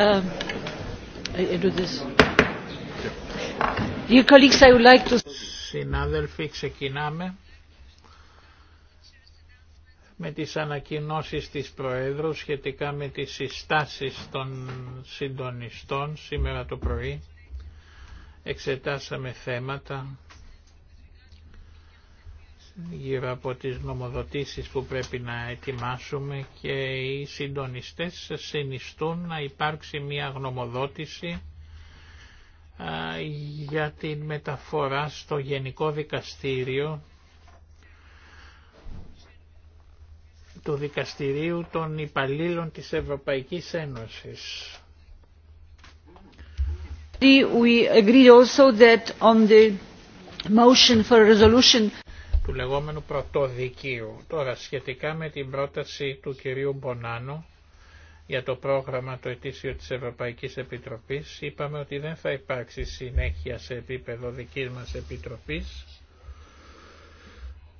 Um, Συνάδελφοι, ξεκινάμε με τις ανακοινώσεις της Προέδρου σχετικά με τις συστάσεις των συντονιστών σήμερα το πρωί. Εξετάσαμε θέματα γύρω από τις νομοδοτήσεις που πρέπει να ετοιμάσουμε και οι συντονιστές συνιστούν να υπάρξει μια γνωμοδότηση για την μεταφορά στο Γενικό Δικαστήριο του Δικαστηρίου των Υπαλλήλων της Ευρωπαϊκής Ένωσης. We agree also that on the motion for του λεγόμενου πρωτοδικίου. Τώρα σχετικά με την πρόταση του κυρίου Μπονάνο για το πρόγραμμα το ετήσιο της Ευρωπαϊκής Επιτροπής είπαμε ότι δεν θα υπάρξει συνέχεια σε επίπεδο δικής μας Επιτροπής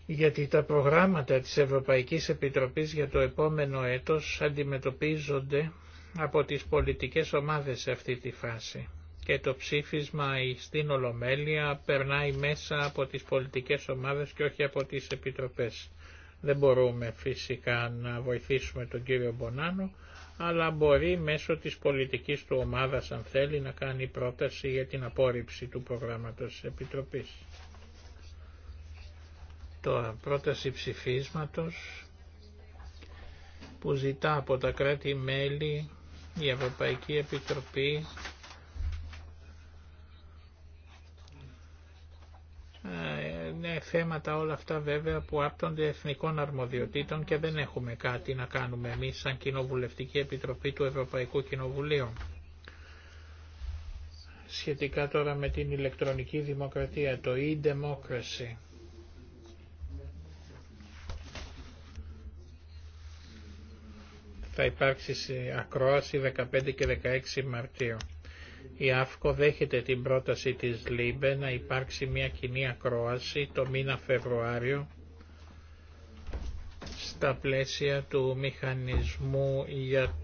γιατί τα προγράμματα της Ευρωπαϊκής Επιτροπής για το επόμενο έτος αντιμετωπίζονται από τις πολιτικές ομάδες σε αυτή τη φάση και το ψήφισμα στην Ολομέλεια περνάει μέσα από τις πολιτικές ομάδες και όχι από τις επιτροπές. Δεν μπορούμε φυσικά να βοηθήσουμε τον κύριο Μπονάνο, αλλά μπορεί μέσω της πολιτικής του ομάδας αν θέλει να κάνει πρόταση για την απόρριψη του προγράμματος της Επιτροπής. Τώρα, πρόταση ψηφίσματος που ζητά από τα κράτη-μέλη η Ευρωπαϊκή Επιτροπή είναι θέματα όλα αυτά βέβαια που άπτονται εθνικών αρμοδιοτήτων και δεν έχουμε κάτι να κάνουμε εμείς σαν Κοινοβουλευτική Επιτροπή του Ευρωπαϊκού Κοινοβουλίου. Σχετικά τώρα με την ηλεκτρονική δημοκρατία, το e-democracy. Θα υπάρξει ακρόαση 15 και 16 Μαρτίου. Η ΑΦΚΟ δέχεται την πρόταση της ΛΥΜΠΕ να υπάρξει μια κοινή ακρόαση το μήνα Φεβρουάριο στα πλαίσια του μηχανισμού για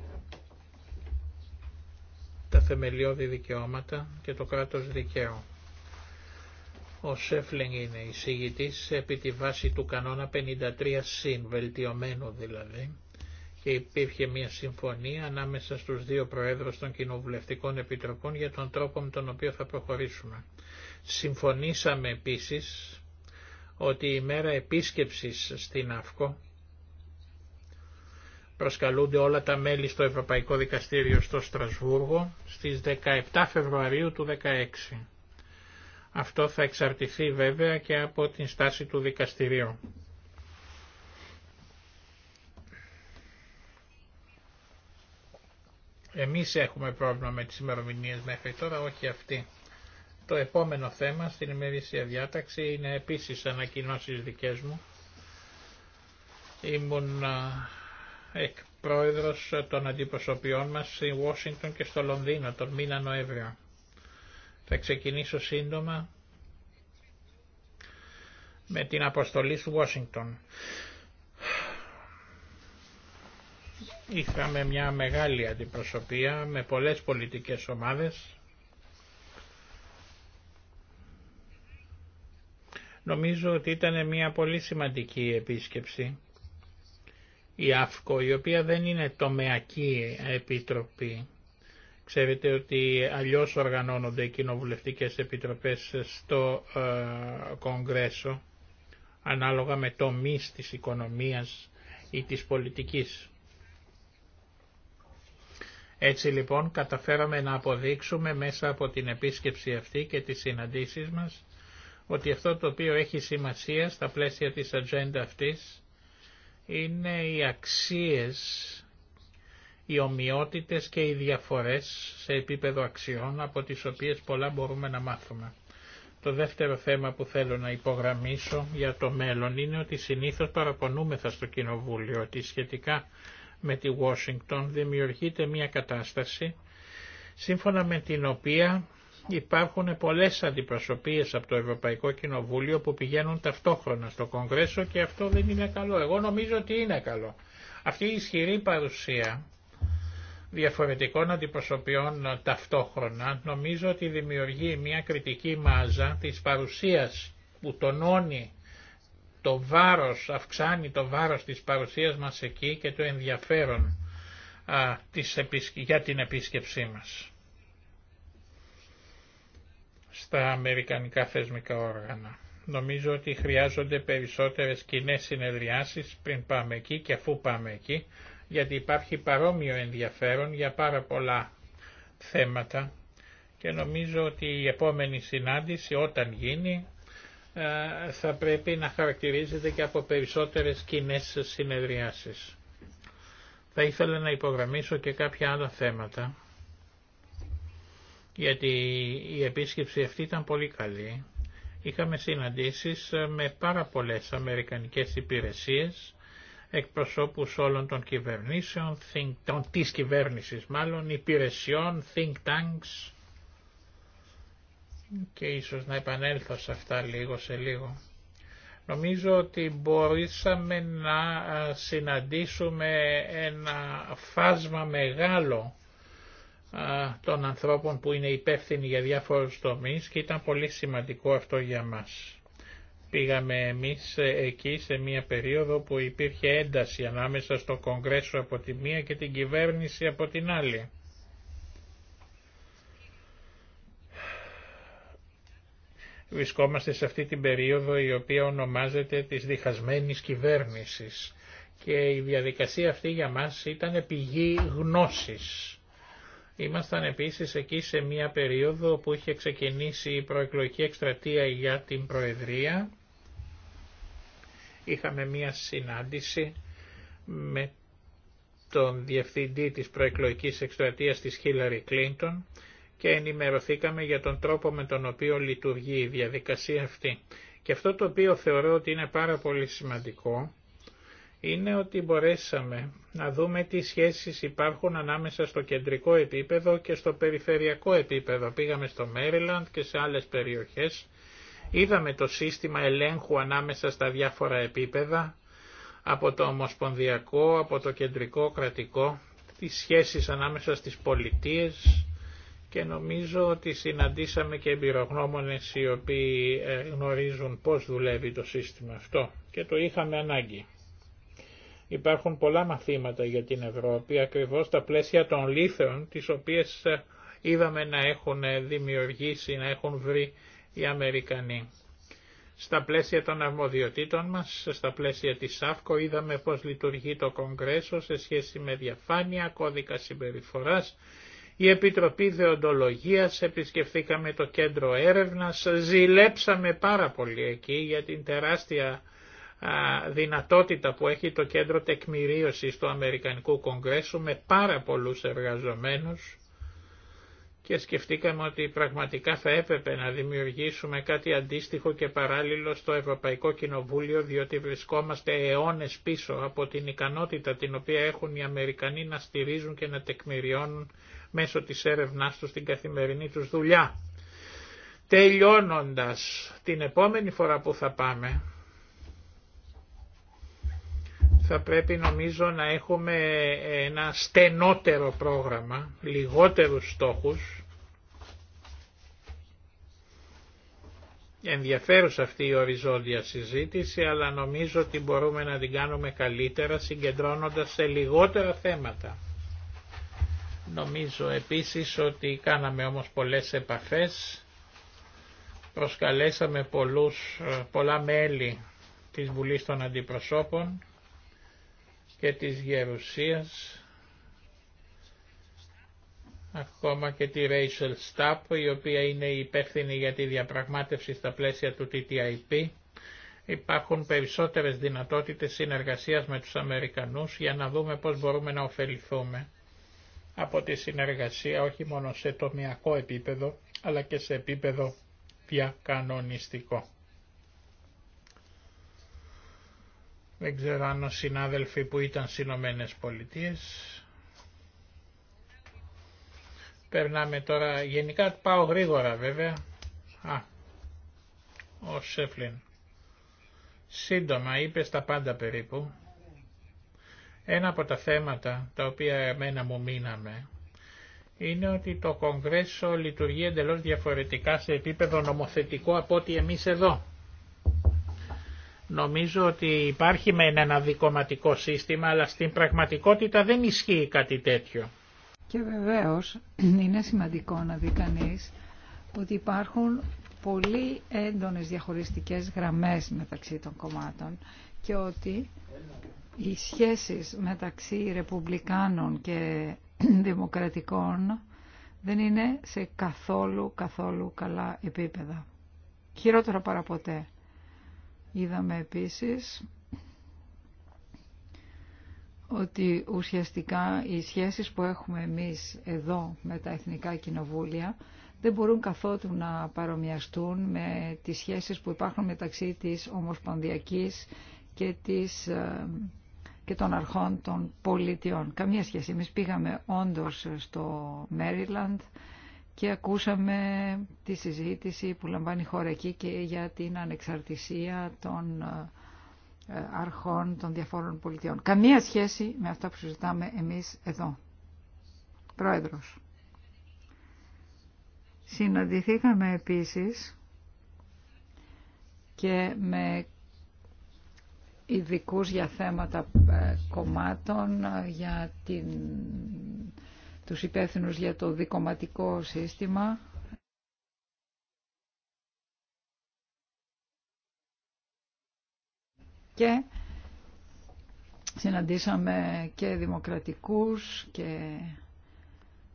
τα θεμελιώδη δικαιώματα και το κράτος δικαίου. Ο Σέφλινγκ είναι εισηγητής επί τη βάση του κανόνα 53 συν, βελτιωμένου δηλαδή, και υπήρχε μια συμφωνία ανάμεσα στους δύο Προέδρους των Κοινοβουλευτικών Επιτροπών για τον τρόπο με τον οποίο θα προχωρήσουμε. Συμφωνήσαμε επίσης ότι η μέρα επίσκεψης στην ΑΦΚΟ προσκαλούνται όλα τα μέλη στο Ευρωπαϊκό Δικαστήριο στο Στρασβούργο στις 17 Φεβρουαρίου του 2016. Αυτό θα εξαρτηθεί βέβαια και από την στάση του δικαστηρίου. Εμείς έχουμε πρόβλημα με τις ημερομηνίες μέχρι τώρα, όχι αυτή. Το επόμενο θέμα στην ημερήσια διάταξη είναι επίσης ανακοινώσεις δικές μου. Ήμουν εκπρόεδρος των αντιπροσωπιών μας στη Ουάσιγκτον και στο Λονδίνο τον μήνα Νοέμβριο. Θα ξεκινήσω σύντομα με την αποστολή στο Ουάσιγκτον. Είχαμε μια μεγάλη αντιπροσωπεία με πολλές πολιτικές ομάδες. Νομίζω ότι ήταν μια πολύ σημαντική επίσκεψη η ΑΦΚΟ, η οποία δεν είναι τομεακή επιτροπή. Ξέρετε ότι αλλιώς οργανώνονται οι κοινοβουλευτικές επιτροπές στο ε, Κογκρέσο, ανάλογα με τομείς της οικονομίας ή της πολιτικής. Έτσι λοιπόν καταφέραμε να αποδείξουμε μέσα από την επίσκεψη αυτή και τις συναντήσεις μας ότι αυτό το οποίο έχει σημασία στα πλαίσια της ατζέντα αυτής είναι οι αξίες, οι ομοιότητες και οι διαφορές σε επίπεδο αξιών από τις οποίες πολλά μπορούμε να μάθουμε. Το δεύτερο θέμα που θέλω να υπογραμμίσω για το μέλλον είναι ότι συνήθως παραπονούμεθα στο Κοινοβούλιο ότι σχετικά με τη Washington δημιουργείται μια κατάσταση σύμφωνα με την οποία υπάρχουν πολλές αντιπροσωπείες από το Ευρωπαϊκό Κοινοβούλιο που πηγαίνουν ταυτόχρονα στο Κογκρέσο και αυτό δεν είναι καλό. Εγώ νομίζω ότι είναι καλό. Αυτή η ισχυρή παρουσία διαφορετικών αντιπροσωπιών ταυτόχρονα νομίζω ότι δημιουργεί μια κριτική μάζα της παρουσίας που τονώνει το βάρος, αυξάνει το βάρος της παρουσίας μας εκεί και το ενδιαφέρον α, της, για την επίσκεψή μας στα αμερικανικά θεσμικά όργανα. Νομίζω ότι χρειάζονται περισσότερες κοινέ συνεδριάσεις πριν πάμε εκεί και αφού πάμε εκεί, γιατί υπάρχει παρόμοιο ενδιαφέρον για πάρα πολλά θέματα και νομίζω ότι η επόμενη συνάντηση όταν γίνει ε, θα πρέπει να χαρακτηρίζεται και από περισσότερες κοινέ συνεδριάσεις. Θα ήθελα να υπογραμμίσω και κάποια άλλα θέματα, γιατί η επίσκεψη αυτή ήταν πολύ καλή. Είχαμε συναντήσεις με πάρα πολλές αμερικανικές υπηρεσίες, εκπροσώπους όλων των κυβερνήσεων, think, των, της κυβέρνησης μάλλον, υπηρεσιών, think tanks, και ίσως να επανέλθω σε αυτά λίγο σε λίγο. Νομίζω ότι μπορούσαμε να συναντήσουμε ένα φάσμα μεγάλο των ανθρώπων που είναι υπεύθυνοι για διάφορους τομείς και ήταν πολύ σημαντικό αυτό για μας. Πήγαμε εμείς εκεί σε μια περίοδο που υπήρχε ένταση ανάμεσα στο Κογκρέσο από τη μία και την κυβέρνηση από την άλλη. βρισκόμαστε σε αυτή την περίοδο η οποία ονομάζεται της διχασμένης κυβέρνησης και η διαδικασία αυτή για μας ήταν πηγή γνώσης. Ήμασταν επίσης εκεί σε μια περίοδο που είχε ξεκινήσει η προεκλογική εκστρατεία για την Προεδρία. Είχαμε μια συνάντηση με τον διευθυντή της προεκλογικής εκστρατείας της Χίλαρη Κλίντον και ενημερωθήκαμε για τον τρόπο με τον οποίο λειτουργεί η διαδικασία αυτή. Και αυτό το οποίο θεωρώ ότι είναι πάρα πολύ σημαντικό είναι ότι μπορέσαμε να δούμε τι σχέσεις υπάρχουν ανάμεσα στο κεντρικό επίπεδο και στο περιφερειακό επίπεδο. Πήγαμε στο Μέριλαντ και σε άλλες περιοχές, είδαμε το σύστημα ελέγχου ανάμεσα στα διάφορα επίπεδα, από το ομοσπονδιακό, από το κεντρικό κρατικό, τις σχέσεις ανάμεσα στις πολιτείες, και νομίζω ότι συναντήσαμε και εμπειρογνώμονες οι οποίοι ε, γνωρίζουν πώς δουλεύει το σύστημα αυτό και το είχαμε ανάγκη. Υπάρχουν πολλά μαθήματα για την Ευρώπη ακριβώς στα πλαίσια των λύθεων, τις οποίες ε, είδαμε να έχουν ε, δημιουργήσει, να έχουν βρει οι Αμερικανοί. Στα πλαίσια των αρμοδιοτήτων μας, στα πλαίσια της ΑΦΚΟ είδαμε πώς λειτουργεί το Κογκρέσο σε σχέση με διαφάνεια, κώδικα συμπεριφοράς η Επιτροπή Δεοντολογίας, επισκεφθήκαμε το κέντρο έρευνας, ζηλέψαμε πάρα πολύ εκεί για την τεράστια δυνατότητα που έχει το κέντρο τεκμηρίωσης του Αμερικανικού Κογκρέσου με πάρα πολλούς εργαζομένους και σκεφτήκαμε ότι πραγματικά θα έπρεπε να δημιουργήσουμε κάτι αντίστοιχο και παράλληλο στο Ευρωπαϊκό Κοινοβούλιο διότι βρισκόμαστε αιώνες πίσω από την ικανότητα την οποία έχουν οι Αμερικανοί να στηρίζουν και να τεκμηριώνουν μέσω της έρευνάς τους στην καθημερινή τους δουλειά. Τελειώνοντας την επόμενη φορά που θα πάμε, θα πρέπει νομίζω να έχουμε ένα στενότερο πρόγραμμα, λιγότερους στόχους. Ενδιαφέρουσα αυτή η οριζόντια συζήτηση, αλλά νομίζω ότι μπορούμε να την κάνουμε καλύτερα συγκεντρώνοντας σε λιγότερα θέματα. Νομίζω επίσης ότι κάναμε όμως πολλές επαφές, προσκαλέσαμε πολλούς, ε, πολλά μέλη της Βουλής των Αντιπροσώπων και της Γερουσίας, ακόμα και τη Rachel Stapp, η οποία είναι υπεύθυνη για τη διαπραγμάτευση στα πλαίσια του TTIP. Υπάρχουν περισσότερες δυνατότητες συνεργασίας με τους Αμερικανούς για να δούμε πώς μπορούμε να ωφεληθούμε από τη συνεργασία όχι μόνο σε τομιακό επίπεδο, αλλά και σε επίπεδο διακανονιστικό. Δεν ξέρω αν ο συνάδελφοι που ήταν στι Ηνωμένε Πολιτείε. Περνάμε τώρα, γενικά πάω γρήγορα βέβαια. ο Σέφλιν. Σύντομα, είπε τα πάντα περίπου. Ένα από τα θέματα τα οποία εμένα μου μείναμε είναι ότι το Κογκρέσο λειτουργεί εντελώς διαφορετικά σε επίπεδο νομοθετικό από ό,τι εμείς εδώ. Νομίζω ότι υπάρχει με ένα δικοματικό σύστημα, αλλά στην πραγματικότητα δεν ισχύει κάτι τέτοιο. Και βεβαίως είναι σημαντικό να δει κανεί ότι υπάρχουν πολύ έντονες διαχωριστικές γραμμές μεταξύ των κομμάτων και ότι οι σχέσεις μεταξύ ρεπουμπλικάνων και δημοκρατικών δεν είναι σε καθόλου, καθόλου καλά επίπεδα. Χειρότερα παρά ποτέ. Είδαμε επίσης ότι ουσιαστικά οι σχέσεις που έχουμε εμείς εδώ με τα Εθνικά Κοινοβούλια δεν μπορούν καθόλου να παρομοιαστούν με τις σχέσεις που υπάρχουν μεταξύ της Ομοσπονδιακής και της ε, και των αρχών των πολιτιών. Καμία σχέση. Εμείς πήγαμε όντως στο Μέριλανδ και ακούσαμε τη συζήτηση που λαμβάνει η χώρα εκεί και για την ανεξαρτησία των ε, αρχών των διαφόρων πολιτιών. Καμία σχέση με αυτά που συζητάμε εμείς εδώ. Πρόεδρος. Συναντηθήκαμε επίσης και με ειδικού για θέματα ε, κομμάτων, ε, για την, τους υπεύθυνους για το δικοματικό σύστημα. Και συναντήσαμε και δημοκρατικούς και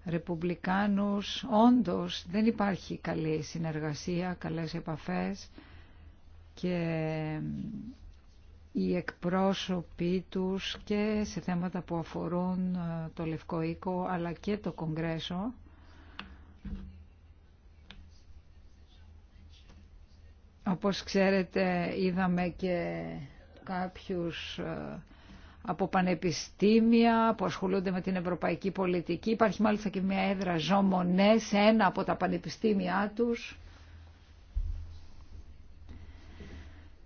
ρεπουμπλικάνους. Όντως δεν υπάρχει καλή συνεργασία, καλές επαφές και οι εκπρόσωποι τους και σε θέματα που αφορούν ε, το Λευκό Οίκο αλλά και το Κογκρέσο Όπως ξέρετε είδαμε και κάποιους ε, από πανεπιστήμια που ασχολούνται με την ευρωπαϊκή πολιτική. Υπάρχει μάλιστα και μια έδρα ζωμονέ σε ένα από τα πανεπιστήμια τους.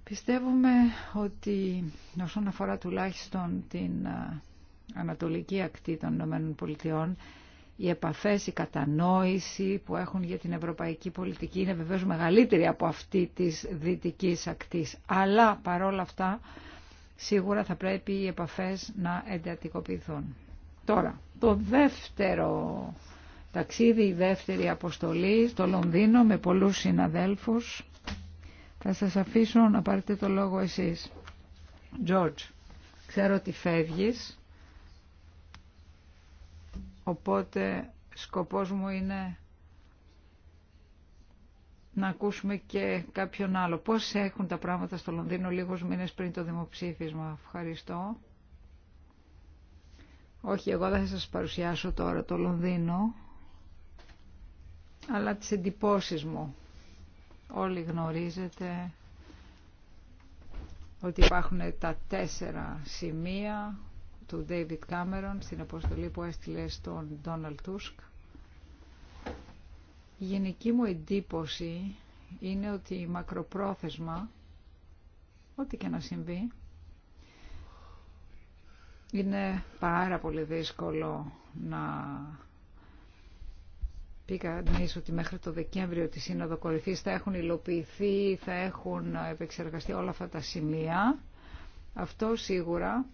Πιστεύουμε ότι όσον αφορά τουλάχιστον την ανατολική ακτή των Ηνωμένων Πολιτειών, οι επαφές, η κατανόηση που έχουν για την ευρωπαϊκή πολιτική είναι βεβαίως μεγαλύτερη από αυτή της δυτικής ακτής. Αλλά παρόλα αυτά σίγουρα θα πρέπει οι επαφές να εντατικοποιηθούν. Τώρα, το δεύτερο ταξίδι, η δεύτερη αποστολή στο Λονδίνο με πολλούς συναδέλφους θα σας αφήσω να πάρετε το λόγο εσείς. George, ξέρω ότι φεύγεις, οπότε σκοπός μου είναι να ακούσουμε και κάποιον άλλο. Πώς έχουν τα πράγματα στο Λονδίνο λίγους μήνες πριν το δημοψήφισμα. Ευχαριστώ. Όχι, εγώ δεν θα σας παρουσιάσω τώρα το Λονδίνο, αλλά τις εντυπώσεις μου Όλοι γνωρίζετε ότι υπάρχουν τα τέσσερα σημεία του David Cameron στην αποστολή που έστειλε στον Donald Tusk. Η γενική μου εντύπωση είναι ότι μακροπρόθεσμα, ό,τι και να συμβεί, είναι πάρα πολύ δύσκολο να Πήγα να ότι μέχρι το Δεκέμβριο τη Σύνοδο Κορυφής θα έχουν υλοποιηθεί, θα έχουν επεξεργαστεί όλα αυτά τα σημεία. Αυτό σίγουρα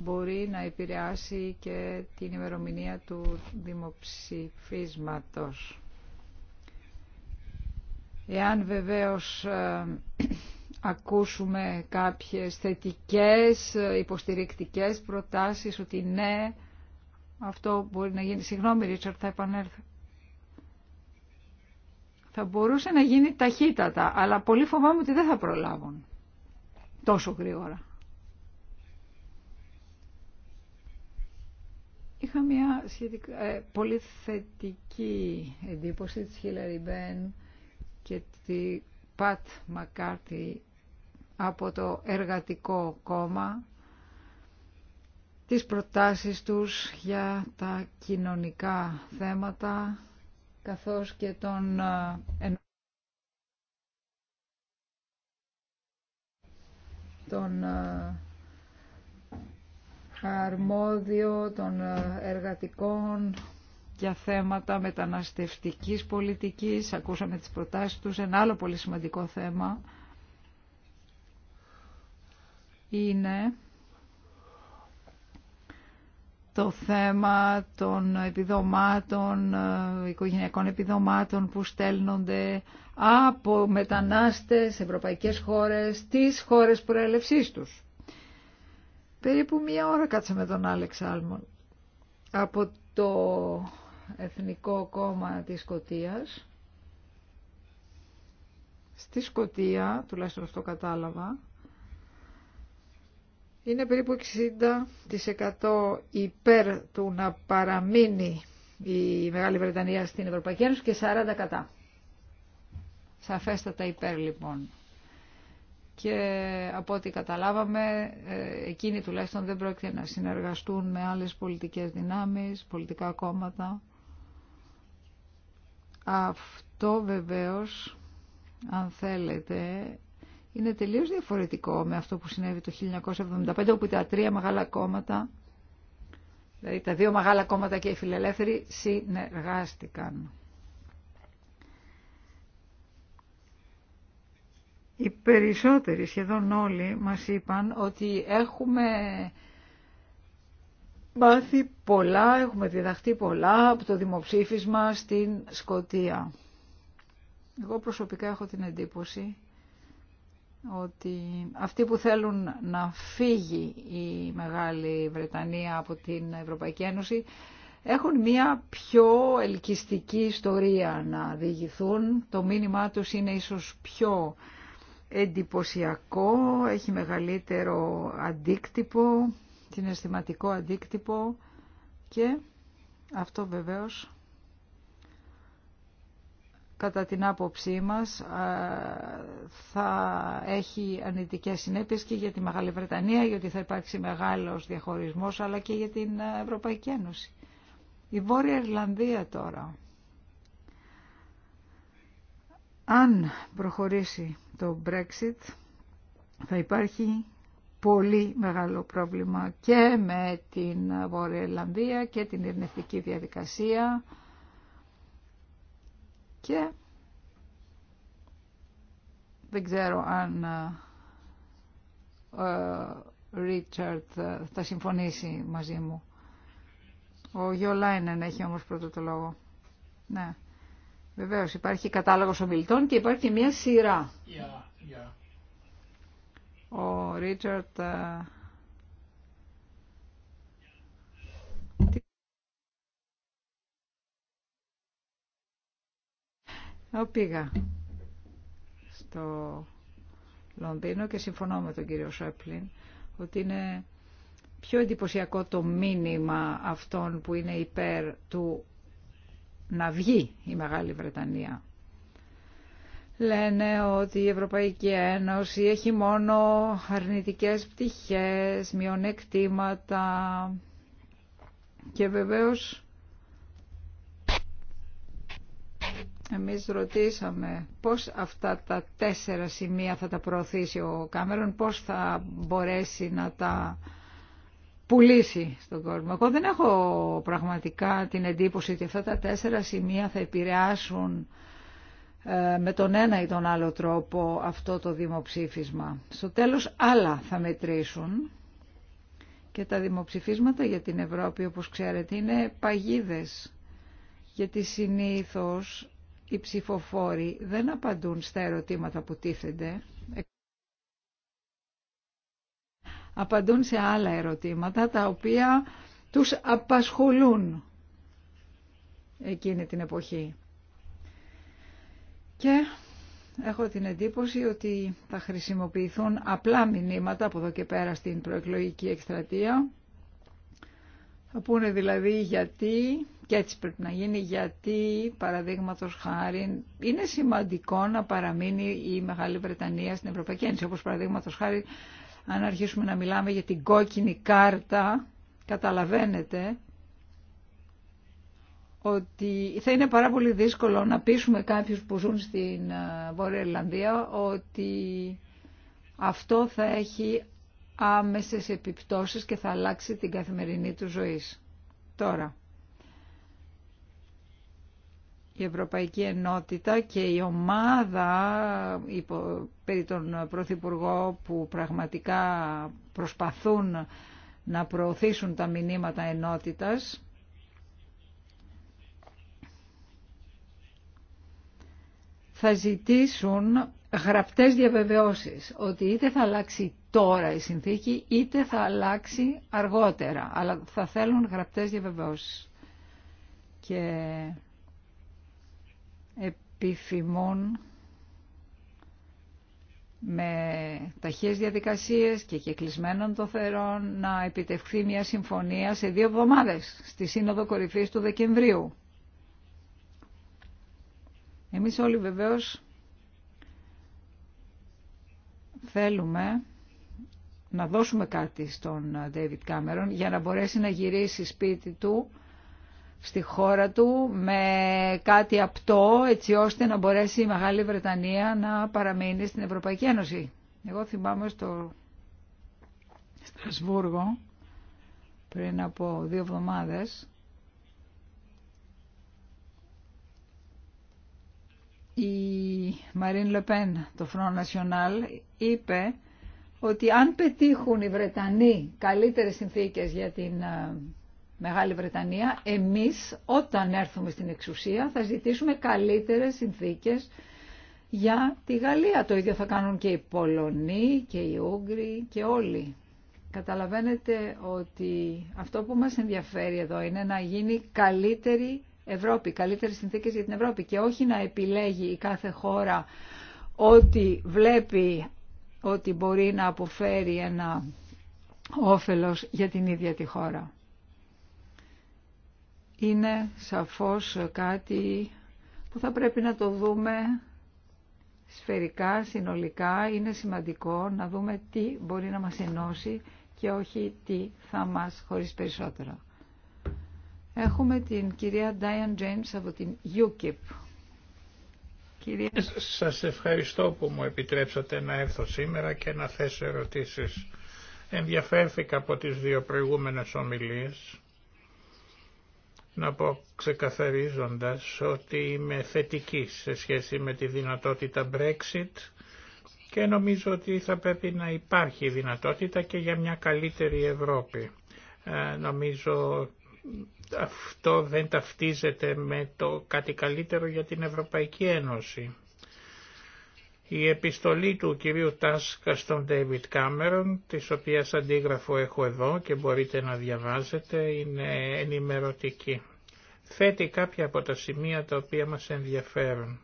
μπορεί να επηρεάσει και την ημερομηνία του δημοψηφίσματος. Εάν βεβαίως ε, ακούσουμε κάποιες θετικές, υποστηρικτικές προτάσεις ότι ναι, αυτό μπορεί να γίνει. Συγγνώμη Ρίτσαρτ, θα επανέλθω θα μπορούσε να γίνει ταχύτατα, αλλά πολύ φοβάμαι ότι δεν θα προλάβουν τόσο γρήγορα. Είχα μια σχετικά, ε, πολύ θετική εντύπωση της Χίλερη Μπέν και τη Πατ Μακάρτη από το Εργατικό Κόμμα τις προτάσεις τους για τα κοινωνικά θέματα καθώς και των τον αρμόδιο των εργατικών για θέματα μεταναστευτικής πολιτικής. Ακούσαμε τις προτάσεις τους. Ένα άλλο πολύ σημαντικό θέμα είναι το θέμα των επιδομάτων, ε, οικογενειακών επιδομάτων που στέλνονται από μετανάστες, ευρωπαϊκές χώρες, τις χώρες προέλευσής τους. Περίπου μία ώρα κάτσαμε τον Άλεξ Άλμον από το Εθνικό Κόμμα της Σκοτίας. Στη Σκοτία, τουλάχιστον αυτό κατάλαβα, είναι περίπου 60% υπέρ του να παραμείνει η Μεγάλη Βρετανία στην Ευρωπαϊκή Ένωση και 40% κατά. Σαφέστατα υπέρ λοιπόν. Και από ό,τι καταλάβαμε, ε, εκείνοι τουλάχιστον δεν πρόκειται να συνεργαστούν με άλλες πολιτικές δυνάμεις, πολιτικά κόμματα. Αυτό βεβαίως, αν θέλετε, είναι τελείως διαφορετικό με αυτό που συνέβη το 1975 όπου τα τρία μεγάλα κόμματα, δηλαδή τα δύο μεγάλα κόμματα και οι φιλελεύθεροι συνεργάστηκαν. Οι περισσότεροι, σχεδόν όλοι, μας είπαν ότι έχουμε μάθει πολλά, έχουμε διδαχτεί πολλά από το δημοψήφισμα στην Σκοτία. Εγώ προσωπικά έχω την εντύπωση ότι αυτοί που θέλουν να φύγει η Μεγάλη Βρετανία από την Ευρωπαϊκή Ένωση έχουν μια πιο ελκυστική ιστορία να διηγηθούν. Το μήνυμά τους είναι ίσως πιο εντυπωσιακό, έχει μεγαλύτερο αντίκτυπο, συναισθηματικό αντίκτυπο και αυτό βεβαίως κατά την άποψή μας θα έχει ανητικές συνέπειες και για τη Μεγάλη Βρετανία γιατί θα υπάρξει μεγάλος διαχωρισμός αλλά και για την Ευρωπαϊκή Ένωση. Η Βόρεια Ιρλανδία τώρα. Αν προχωρήσει το Brexit θα υπάρχει πολύ μεγάλο πρόβλημα και με την Βόρεια Ιρλανδία και την ειρνευτική διαδικασία και δεν ξέρω αν ο ε, ε, Ρίτσαρτ ε, θα συμφωνήσει μαζί μου. Ο Γιολάινεν έχει όμως πρώτο το λόγο. Ναι. Βεβαίως υπάρχει κατάλογος ομιλητών και υπάρχει μια σειρά. Yeah, Ο Ρίτσαρτ Εγώ πήγα στο Λονδίνο και συμφωνώ με τον κύριο Σέπλιν ότι είναι πιο εντυπωσιακό το μήνυμα αυτών που είναι υπέρ του να βγει η Μεγάλη Βρετανία. Λένε ότι η Ευρωπαϊκή Ένωση έχει μόνο αρνητικές πτυχές, μειονεκτήματα και βεβαίως Εμείς ρωτήσαμε πώς αυτά τα τέσσερα σημεία θα τα προωθήσει ο Κάμερον, πώς θα μπορέσει να τα πουλήσει στον κόσμο. Εγώ δεν έχω πραγματικά την εντύπωση ότι αυτά τα τέσσερα σημεία θα επηρεάσουν ε, με τον ένα ή τον άλλο τρόπο αυτό το δημοψήφισμα. Στο τέλος άλλα θα μετρήσουν και τα δημοψηφίσματα για την Ευρώπη όπως ξέρετε είναι παγίδες γιατί συνήθως οι ψηφοφόροι δεν απαντούν στα ερωτήματα που τίθενται. Απαντούν σε άλλα ερωτήματα τα οποία τους απασχολούν εκείνη την εποχή. Και έχω την εντύπωση ότι θα χρησιμοποιηθούν απλά μηνύματα από εδώ και πέρα στην προεκλογική εκστρατεία θα πούνε δηλαδή γιατί, και έτσι πρέπει να γίνει, γιατί παραδείγματο χάρη είναι σημαντικό να παραμείνει η Μεγάλη Βρετανία στην Ευρωπαϊκή Ένωση. Όπω παραδείγματο χάρη αν αρχίσουμε να μιλάμε για την κόκκινη κάρτα, καταλαβαίνετε ότι θα είναι πάρα πολύ δύσκολο να πείσουμε κάποιους που ζουν στην ε, Βόρεια Ιρλανδία ότι αυτό θα έχει άμεσες επιπτώσεις και θα αλλάξει την καθημερινή του ζωής. Τώρα, η Ευρωπαϊκή Ενότητα και η ομάδα υπό, περί τον Πρωθυπουργό που πραγματικά προσπαθούν να προωθήσουν τα μηνύματα ενότητας θα ζητήσουν γραπτές διαβεβαιώσεις ότι είτε θα αλλάξει τώρα η συνθήκη είτε θα αλλάξει αργότερα. Αλλά θα θέλουν γραπτές διαβεβαιώσεις. Και επιθυμούν με ταχείες διαδικασίες και κεκλεισμένων των θερών να επιτευχθεί μια συμφωνία σε δύο εβδομάδες στη Σύνοδο Κορυφής του Δεκεμβρίου. Εμείς όλοι βεβαίως Θέλουμε να δώσουμε κάτι στον David Cameron για να μπορέσει να γυρίσει σπίτι του στη χώρα του με κάτι απτό έτσι ώστε να μπορέσει η Μεγάλη Βρετανία να παραμείνει στην Ευρωπαϊκή Ένωση. Εγώ θυμάμαι στο Στρασβούργο πριν από δύο εβδομάδες η Μαρίν Λεπέν, το Front National, είπε ότι αν πετύχουν οι Βρετανοί καλύτερες συνθήκες για την ε, Μεγάλη Βρετανία, εμείς όταν έρθουμε στην εξουσία θα ζητήσουμε καλύτερες συνθήκες για τη Γαλλία. Το ίδιο θα κάνουν και οι Πολωνοί και οι Ούγγροι και όλοι. Καταλαβαίνετε ότι αυτό που μας ενδιαφέρει εδώ είναι να γίνει καλύτερη Ευρώπη, καλύτερες συνθήκες για την Ευρώπη και όχι να επιλέγει η κάθε χώρα ότι βλέπει ότι μπορεί να αποφέρει ένα όφελος για την ίδια τη χώρα. Είναι σαφώς κάτι που θα πρέπει να το δούμε σφαιρικά, συνολικά. Είναι σημαντικό να δούμε τι μπορεί να μας ενώσει και όχι τι θα μας χωρίσει περισσότερο. Έχουμε την κυρία Diane James από την UKIP. Κυρία... Ε, σας ευχαριστώ που μου επιτρέψατε να έρθω σήμερα και να θέσω ερωτήσεις. Ενδιαφέρθηκα από τις δύο προηγούμενες ομιλίες να πω ξεκαθαρίζοντας ότι είμαι θετική σε σχέση με τη δυνατότητα Brexit και νομίζω ότι θα πρέπει να υπάρχει δυνατότητα και για μια καλύτερη Ευρώπη. Ε, νομίζω αυτό δεν ταυτίζεται με το κάτι καλύτερο για την Ευρωπαϊκή Ένωση. Η επιστολή του κυρίου Τάσκα στον Ντέιβιτ Κάμερον, της οποίας αντίγραφο έχω εδώ και μπορείτε να διαβάζετε, είναι ενημερωτική. Θέτει κάποια από τα σημεία τα οποία μας ενδιαφέρουν.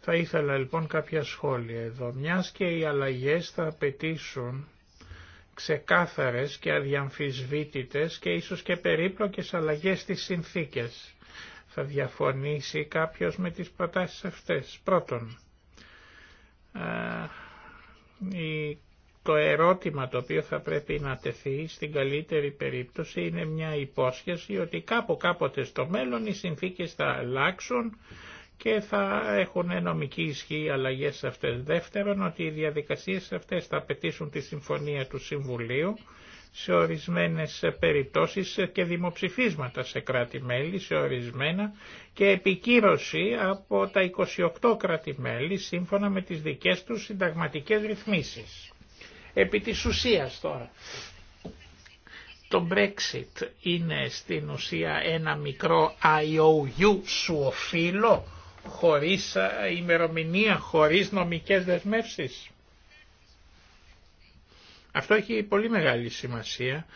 Θα ήθελα λοιπόν κάποια σχόλια εδώ. Μιας και οι αλλαγές θα απαιτήσουν ξεκάθαρες και αδιαμφισβήτητες και ίσως και περίπλοκες αλλαγές στις συνθήκες. Θα διαφωνήσει κάποιος με τις προτάσεις αυτές. Πρώτον, το ερώτημα το οποίο θα πρέπει να τεθεί στην καλύτερη περίπτωση είναι μια υπόσχεση ότι κάπου κάποτε στο μέλλον οι συνθήκες θα αλλάξουν και θα έχουν νομική ισχύ οι αλλαγές αυτές. Δεύτερον, ότι οι διαδικασίες αυτές θα απαιτήσουν τη συμφωνία του Συμβουλίου σε ορισμένες περιπτώσεις και δημοψηφίσματα σε κράτη-μέλη, σε ορισμένα και επικύρωση από τα 28 κράτη-μέλη σύμφωνα με τις δικές τους συνταγματικές ρυθμίσεις. Επί της ουσίας τώρα. Το Brexit είναι στην ουσία ένα μικρό IOU σου οφείλω χωρίς ε, ημερομηνία, χωρίς νομικές δεσμεύσεις. Αυτό έχει πολύ μεγάλη σημασία.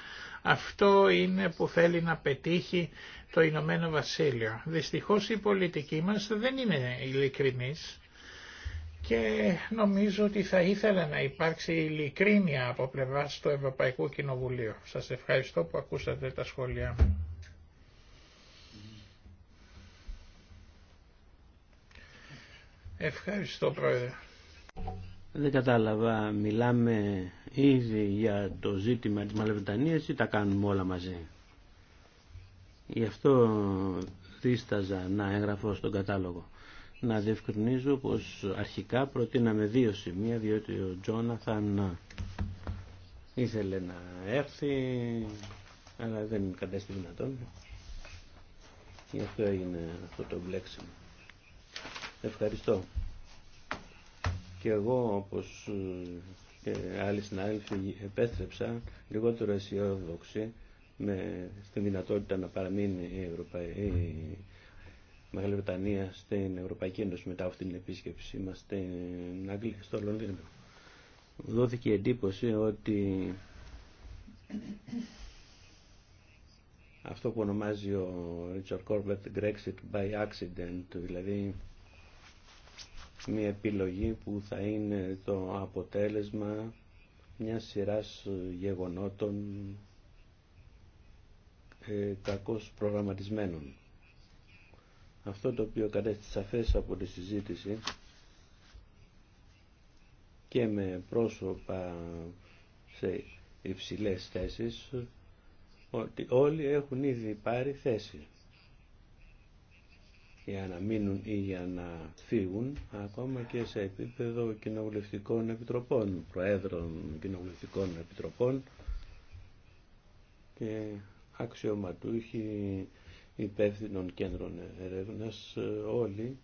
Αυτό είναι που θέλει να πετύχει το Ηνωμένο Βασίλειο. Δυστυχώς η πολιτική μας δεν είναι ειλικρινής και νομίζω ότι θα ήθελα να υπάρξει ειλικρίνεια από πλευράς του Ευρωπαϊκού Κοινοβουλίου. Σας ευχαριστώ που ακούσατε τα σχόλιά μου. Ευχαριστώ Πρόεδρε. Δεν κατάλαβα, μιλάμε ήδη για το ζήτημα της μαλευτανίας. ή τα κάνουμε όλα μαζί. Γι' αυτό δίσταζα να έγραφω στον κατάλογο. Να διευκρινίζω πως αρχικά προτείναμε δύο σημεία διότι ο Τζόναθαν ήθελε να έρθει αλλά δεν κατέστη δυνατόν. Γι' αυτό έγινε αυτό το μπλέξιμο. Ευχαριστώ. Και εγώ όπως ε, και άλλοι συνάδελφοι επέστρεψα λιγότερο αισιόδοξη με τη δυνατότητα να παραμείνει η, η Μεγάλη Βρετανία στην Ευρωπαϊκή Ένωση μετά αυτή την επίσκεψή μας στην Αγγλία, στο Λονδίνο. Δόθηκε η εντύπωση ότι αυτό που ονομάζει ο Ρίτσορ Κόρβετ Brexit by accident, δηλαδή μια επιλογή που θα είναι το αποτέλεσμα μια σειράς γεγονότων ε, κακώς προγραμματισμένων. Αυτό το οποίο κατέστη σαφές από τη συζήτηση και με πρόσωπα σε υψηλές θέσεις ότι όλοι έχουν ήδη πάρει θέση για να μείνουν ή για να φύγουν ακόμα και σε επίπεδο κοινοβουλευτικών επιτροπών, προέδρων κοινοβουλευτικών επιτροπών και αξιωματούχοι υπεύθυνων κέντρων ερεύνας όλοι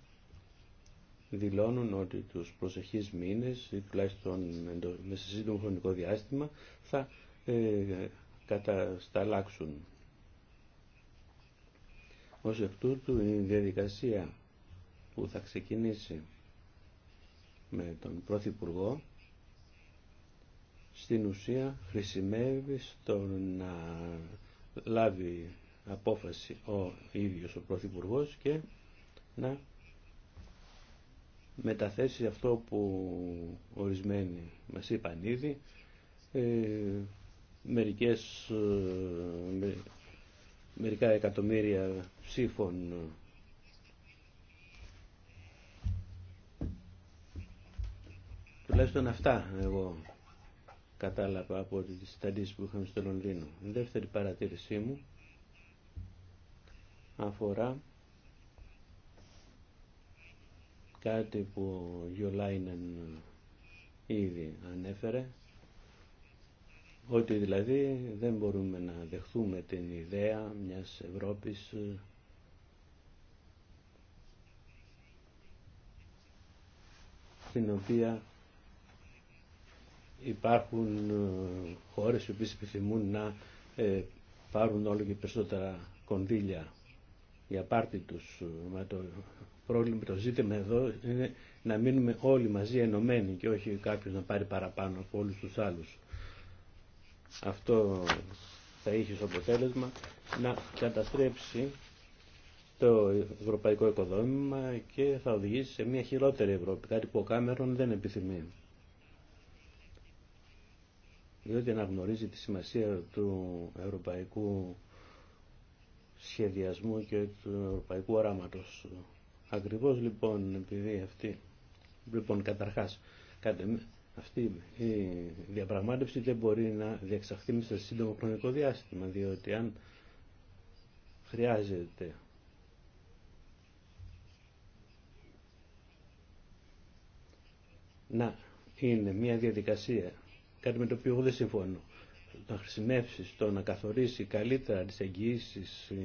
δηλώνουν ότι τους προσεχείς μήνες ή τουλάχιστον με σε σύντομο χρονικό διάστημα θα ε, κατασταλάξουν ως εκ τούτου η διαδικασία που θα ξεκινήσει με τον Πρωθυπουργό στην ουσία χρησιμεύει στο να λάβει απόφαση ο ίδιος ο Πρωθυπουργό και να μεταθέσει αυτό που ορισμένοι μας είπαν ήδη ε, μερικές ε, μερικά εκατομμύρια ψήφων τουλάχιστον αυτά εγώ κατάλαβα από τις συναντήσεις που είχαμε στο Λονδίνο. Η δεύτερη παρατήρησή μου αφορά κάτι που ο Γιολάινεν ήδη ανέφερε ότι δηλαδή δεν μπορούμε να δεχθούμε την ιδέα μιας Ευρώπης ε, στην οποία υπάρχουν ε, χώρες οι οποίες επιθυμούν να ε, πάρουν όλο και περισσότερα κονδύλια για πάρτι τους. το πρόβλημα, το ζήτημα εδώ είναι να μείνουμε όλοι μαζί ενωμένοι και όχι κάποιος να πάρει παραπάνω από όλους τους άλλους. Αυτό θα είχε ως αποτέλεσμα να καταστρέψει το ευρωπαϊκό οικοδόμημα και θα οδηγήσει σε μια χειρότερη Ευρώπη, κάτι που ο Κάμερον δεν επιθυμεί. Διότι αναγνωρίζει τη σημασία του ευρωπαϊκού σχεδιασμού και του ευρωπαϊκού οράματος. Ακριβώς λοιπόν επειδή αυτή, λοιπόν καταρχάς, αυτή η διαπραγμάτευση δεν μπορεί να διεξαχθεί σε σύντομο χρονικό διάστημα, διότι αν χρειάζεται να είναι μια διαδικασία, κάτι με το οποίο εγώ δεν συμφωνώ, να χρησιμεύσει το να καθορίσει καλύτερα τις εγγυήσει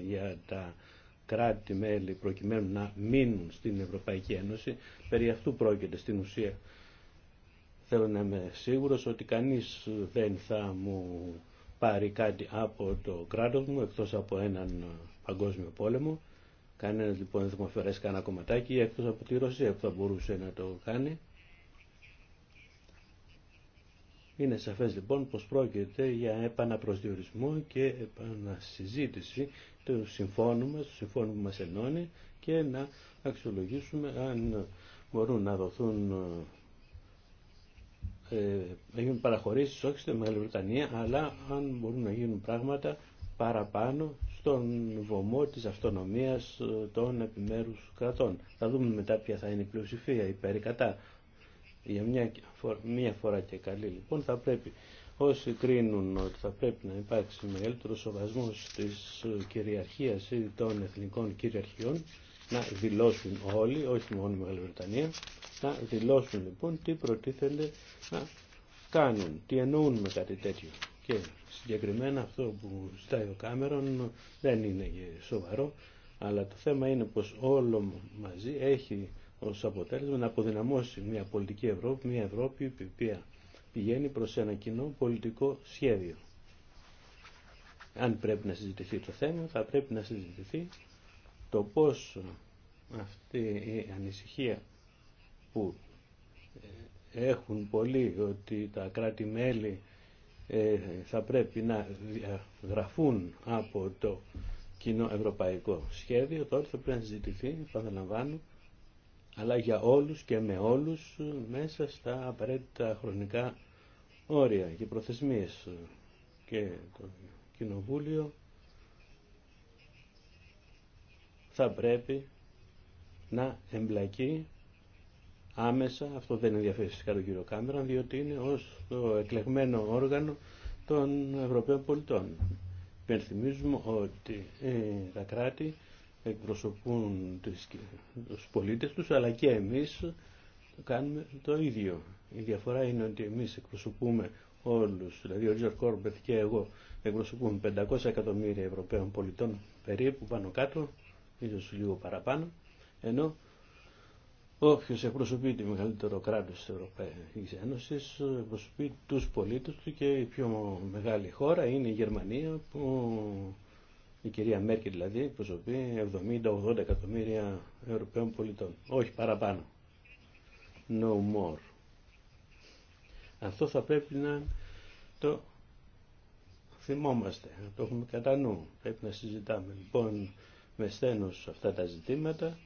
για τα κράτη-μέλη προκειμένου να μείνουν στην Ευρωπαϊκή Ένωση, περί αυτού πρόκειται στην ουσία Θέλω να είμαι σίγουρος ότι κανείς δεν θα μου πάρει κάτι από το κράτος μου εκτός από έναν παγκόσμιο πόλεμο. Κανένα λοιπόν δεν θα μου αφαιρέσει κανένα κομματάκι εκτός από τη Ρωσία που θα μπορούσε να το κάνει. Είναι σαφές λοιπόν πως πρόκειται για επαναπροσδιορισμό και επανασυζήτηση του συμφώνου μας, του συμφώνου που μας ενώνει και να αξιολογήσουμε αν μπορούν να δοθούν να ε, γίνουν παραχωρήσεις όχι στη Μεγάλη Βρετανία αλλά αν μπορούν να γίνουν πράγματα παραπάνω στον βωμό της αυτονομίας ε, των επιμέρους κρατών. Θα δούμε μετά ποια θα είναι η πλειοψηφία η κατά. Για μια φορά, και καλή λοιπόν θα πρέπει όσοι κρίνουν ότι θα πρέπει να υπάρξει μεγαλύτερο σοβασμός της ε, κυριαρχίας ή των εθνικών κυριαρχιών να δηλώσουν όλοι, όχι μόνο η Μεγάλη Βρετανία, να δηλώσουν λοιπόν τι προτίθενται να κάνουν, τι εννοούν με κάτι τέτοιο. Και συγκεκριμένα αυτό που ζητάει ο Κάμερον δεν είναι σοβαρό, αλλά το θέμα είναι πως όλο μαζί έχει ως αποτέλεσμα να αποδυναμώσει μια πολιτική Ευρώπη, μια Ευρώπη η οποία πηγαίνει προς ένα κοινό πολιτικό σχέδιο. Αν πρέπει να συζητηθεί το θέμα, θα πρέπει να συζητηθεί το πώς αυτή η ανησυχία που ε, έχουν πολλοί ότι τα κράτη-μέλη ε, θα πρέπει να διαγραφούν από το κοινό ευρωπαϊκό σχέδιο, τότε θα πρέπει να συζητηθεί, επαναλαμβάνω, αλλά για όλους και με όλους μέσα στα απαραίτητα χρονικά όρια και προθεσμίες και το Κοινοβούλιο θα πρέπει να εμπλακεί άμεσα, αυτό δεν ενδιαφέρει φυσικά τον κύριο κάμερα, διότι είναι ως το εκλεγμένο όργανο των Ευρωπαίων πολιτών. Υπενθυμίζουμε ότι ε, τα κράτη εκπροσωπούν τους πολίτες τους, αλλά και εμείς κάνουμε το ίδιο. Η διαφορά είναι ότι εμείς εκπροσωπούμε όλους, δηλαδή ο Τζορ Κόρμπεθ και εγώ εκπροσωπούμε 500 εκατομμύρια Ευρωπαίων πολιτών περίπου πάνω κάτω ίσως λίγο παραπάνω, ενώ όποιος εκπροσωπεί το μεγαλύτερο κράτος της Ευρωπαϊκής Ένωσης εκπροσωπεί τους πολίτες του και η πιο μεγάλη χώρα είναι η Γερμανία που η κυρία Μέρκελ δηλαδή εκπροσωπεί 70-80 εκατομμύρια Ευρωπαίων πολιτών. Όχι παραπάνω. No more. Αυτό θα πρέπει να το θυμόμαστε, το έχουμε κατά νου. Πρέπει να συζητάμε λοιπόν με στένος αυτά τα ζητήματα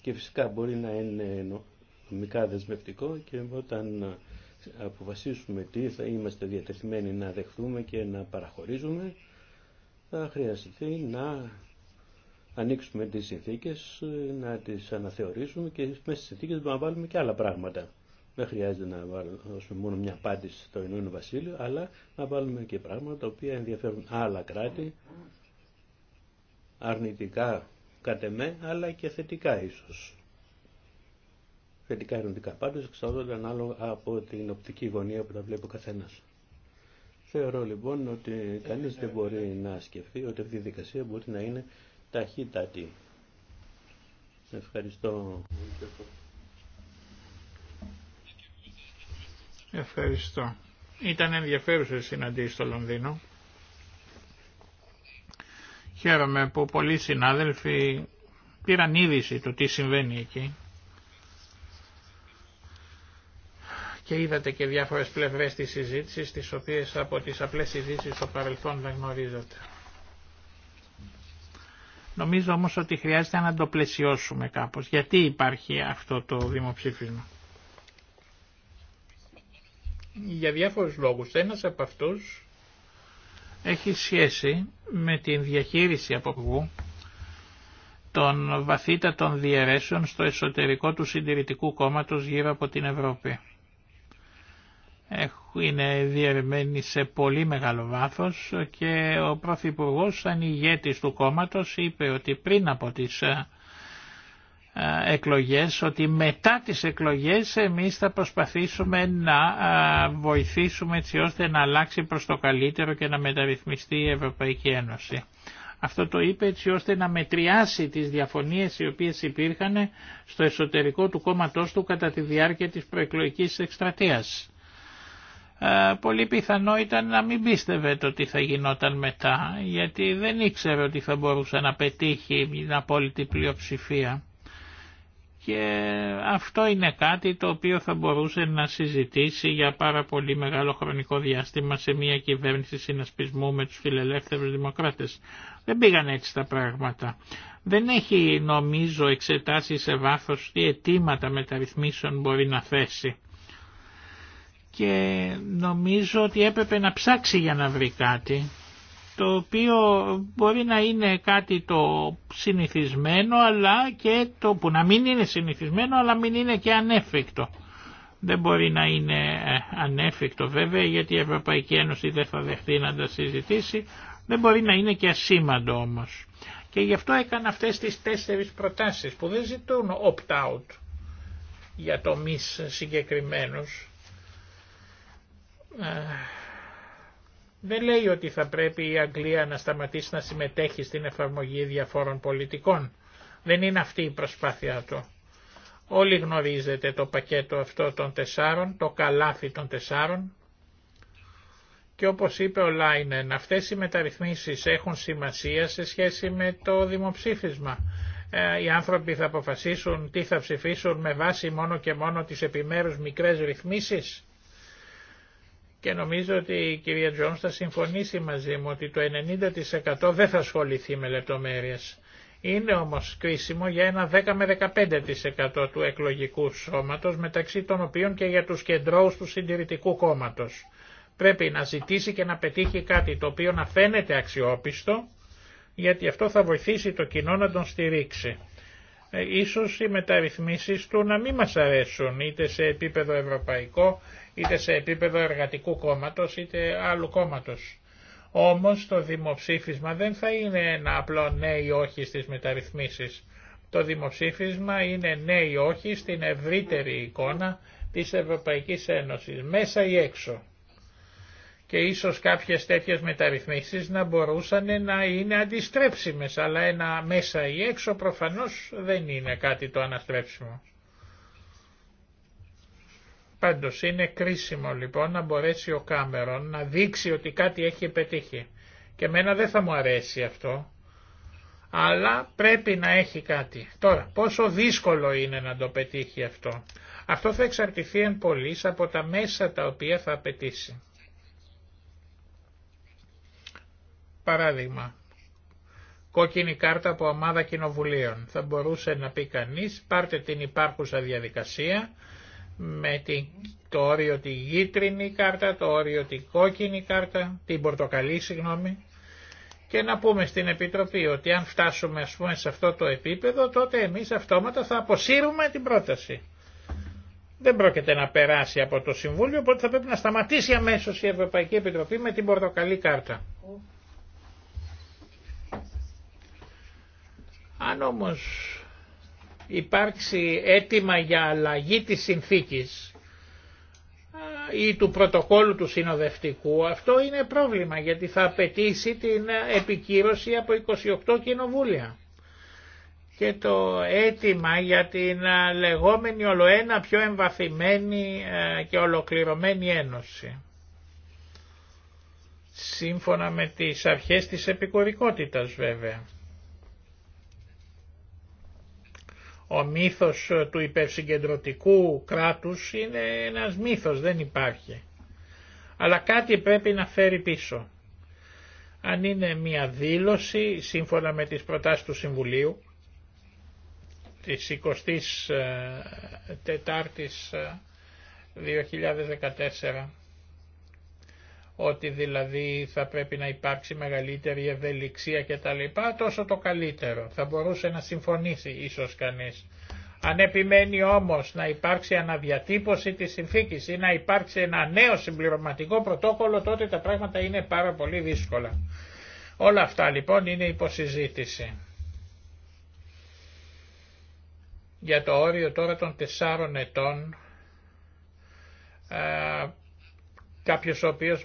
και φυσικά μπορεί να είναι νομικά δεσμευτικό και όταν αποφασίσουμε τι θα είμαστε διατεθειμένοι να δεχθούμε και να παραχωρίζουμε θα χρειαστεί να ανοίξουμε τις συνθήκες, να τις αναθεωρήσουμε και μέσα στις συνθήκες να βάλουμε και άλλα πράγματα. Δεν χρειάζεται να δώσουμε μόνο μια απάντηση στο Ηνωμένο Βασίλειο, αλλά να βάλουμε και πράγματα τα οποία ενδιαφέρουν άλλα κράτη, αρνητικά κατ' εμέ, αλλά και θετικά ίσως. Θετικά αρνητικά πάντως, εξαρτώνται ανάλογα από την οπτική γωνία που τα βλέπει ο καθένας. Θεωρώ λοιπόν ότι κανείς δεν μπορεί να σκεφτεί ότι αυτή η δικασία μπορεί να είναι ταχύτατη. Ευχαριστώ. Ευχαριστώ. Ήταν ενδιαφέρουσε συναντήσει στο Λονδίνο. Χαίρομαι που πολλοί συνάδελφοι πήραν είδηση του τι συμβαίνει εκεί. Και είδατε και διάφορες πλευρές της συζήτησης, τις οποίες από τις απλές ειδήσει στο παρελθόν δεν γνωρίζατε. Νομίζω όμως ότι χρειάζεται να το πλαισιώσουμε κάπως. Γιατί υπάρχει αυτό το δημοψήφισμα για διάφορους λόγους. Ένας από αυτούς έχει σχέση με την διαχείριση από που των βαθύτατων διαιρέσεων στο εσωτερικό του συντηρητικού κόμματος γύρω από την Ευρώπη. Είναι διαιρεμένοι σε πολύ μεγάλο βάθος και ο Πρωθυπουργός σαν ηγέτης του κόμματος είπε ότι πριν από τις ε, ε, εκλογές ότι μετά τις εκλογές εμείς θα προσπαθήσουμε να ε, βοηθήσουμε έτσι ώστε να αλλάξει προς το καλύτερο και να μεταρρυθμιστεί η Ευρωπαϊκή Ένωση. Αυτό το είπε έτσι ώστε να μετριάσει τις διαφωνίες οι οποίες υπήρχαν στο εσωτερικό του κόμματός του κατά τη διάρκεια της προεκλογικής εκστρατείας. Ε, πολύ πιθανό ήταν να μην πίστευε το τι θα γινόταν μετά γιατί δεν ήξερε ότι θα μπορούσε να πετύχει μια απόλυτη πλειοψηφία και αυτό είναι κάτι το οποίο θα μπορούσε να συζητήσει για πάρα πολύ μεγάλο χρονικό διάστημα σε μια κυβέρνηση συνασπισμού με τους φιλελεύθερους δημοκράτες. Δεν πήγαν έτσι τα πράγματα. Δεν έχει νομίζω εξετάσει σε βάθος τι αιτήματα μεταρρυθμίσεων μπορεί να θέσει. Και νομίζω ότι έπρεπε να ψάξει για να βρει κάτι το οποίο μπορεί να είναι κάτι το συνηθισμένο αλλά και το που να μην είναι συνηθισμένο αλλά μην είναι και ανέφικτο. Δεν μπορεί να είναι ε, ανέφικτο βέβαια γιατί η Ευρωπαϊκή Ένωση δεν θα δεχτεί να τα συζητήσει, δεν μπορεί να είναι και ασήμαντο όμως. Και γι' αυτό έκανα αυτές τις τέσσερις προτάσεις που δεν ζητούν opt-out για το μη συγκεκριμένους ε, δεν λέει ότι θα πρέπει η Αγγλία να σταματήσει να συμμετέχει στην εφαρμογή διαφόρων πολιτικών. Δεν είναι αυτή η προσπάθειά του. Όλοι γνωρίζετε το πακέτο αυτό των τεσσάρων, το καλάθι των τεσσάρων. Και όπως είπε ο Λάινεν, αυτές οι μεταρρυθμίσεις έχουν σημασία σε σχέση με το δημοψήφισμα. Ε, οι άνθρωποι θα αποφασίσουν τι θα ψηφίσουν με βάση μόνο και μόνο τις επιμέρους μικρές ρυθμίσεις και νομίζω ότι η κυρία Τζόνς θα συμφωνήσει μαζί μου ότι το 90% δεν θα ασχοληθεί με λεπτομέρειες. Είναι όμως κρίσιμο για ένα 10 με 15% του εκλογικού σώματος, μεταξύ των οποίων και για τους κεντρώους του συντηρητικού κόμματος. Πρέπει να ζητήσει και να πετύχει κάτι το οποίο να φαίνεται αξιόπιστο, γιατί αυτό θα βοηθήσει το κοινό να τον στηρίξει. Ε, ίσως οι μεταρρυθμίσεις του να μην μας αρέσουν είτε σε επίπεδο ευρωπαϊκό, είτε σε επίπεδο εργατικού κόμματος, είτε άλλου κόμματος. Όμως το δημοψήφισμα δεν θα είναι ένα απλό ναι ή όχι στις μεταρρυθμίσεις. Το δημοψήφισμα είναι ναι ή όχι στην ευρύτερη εικόνα της Ευρωπαϊκής Ένωσης, μέσα ή έξω και ίσως κάποιες τέτοιες μεταρρυθμίσεις να μπορούσαν να είναι αντιστρέψιμες, αλλά ένα μέσα ή έξω προφανώς δεν είναι κάτι το αναστρέψιμο. Πάντως είναι κρίσιμο λοιπόν να μπορέσει ο Κάμερον να δείξει ότι κάτι έχει πετύχει. Και μένα δεν θα μου αρέσει αυτό, αλλά πρέπει να έχει κάτι. Τώρα, πόσο δύσκολο είναι να το πετύχει αυτό. Αυτό θα εξαρτηθεί εν πολλής από τα μέσα τα οποία θα απαιτήσει. Παράδειγμα, κόκκινη κάρτα από ομάδα κοινοβουλίων. Θα μπορούσε να πει κανείς, πάρτε την υπάρχουσα διαδικασία με το όριο τη γίτρινη κάρτα, το όριο τη κόκκινη κάρτα, την πορτοκαλί συγγνώμη, και να πούμε στην Επιτροπή ότι αν φτάσουμε ας πούμε σε αυτό το επίπεδο τότε εμείς αυτόματα θα αποσύρουμε την πρόταση. Δεν πρόκειται να περάσει από το Συμβούλιο, οπότε θα πρέπει να σταματήσει αμέσως η Ευρωπαϊκή Επιτροπή με την πορτοκαλί κάρτα. Αν όμως υπάρξει αίτημα για αλλαγή της συνθήκης ή του πρωτοκόλου του συνοδευτικού, αυτό είναι πρόβλημα γιατί θα απαιτήσει την επικύρωση από 28 κοινοβούλια. Και το αίτημα για την λεγόμενη ολοένα πιο εμβαθυμένη και ολοκληρωμένη ένωση. Σύμφωνα με τις αρχές της επικορικότητας βέβαια. Ο μύθος ε, του υπερσυγκεντρωτικού κράτους είναι ένας μύθος, δεν υπάρχει. Αλλά κάτι πρέπει να φέρει πίσω. Αν είναι μια δήλωση σύμφωνα με τις προτάσεις του Συμβουλίου της 24ης ε, 2014 ε, ότι δηλαδή θα πρέπει να υπάρξει μεγαλύτερη ευελιξία λοιπά, τόσο το καλύτερο. Θα μπορούσε να συμφωνήσει ίσως κανείς. Αν επιμένει όμως να υπάρξει αναδιατύπωση της συνθήκης ή να υπάρξει ένα νέο συμπληρωματικό πρωτόκολλο, τότε τα πράγματα είναι πάρα πολύ δύσκολα. Όλα αυτά λοιπόν είναι υποσυζήτηση. Για το όριο τώρα των τεσσάρων ετών κάποιος ο οποίος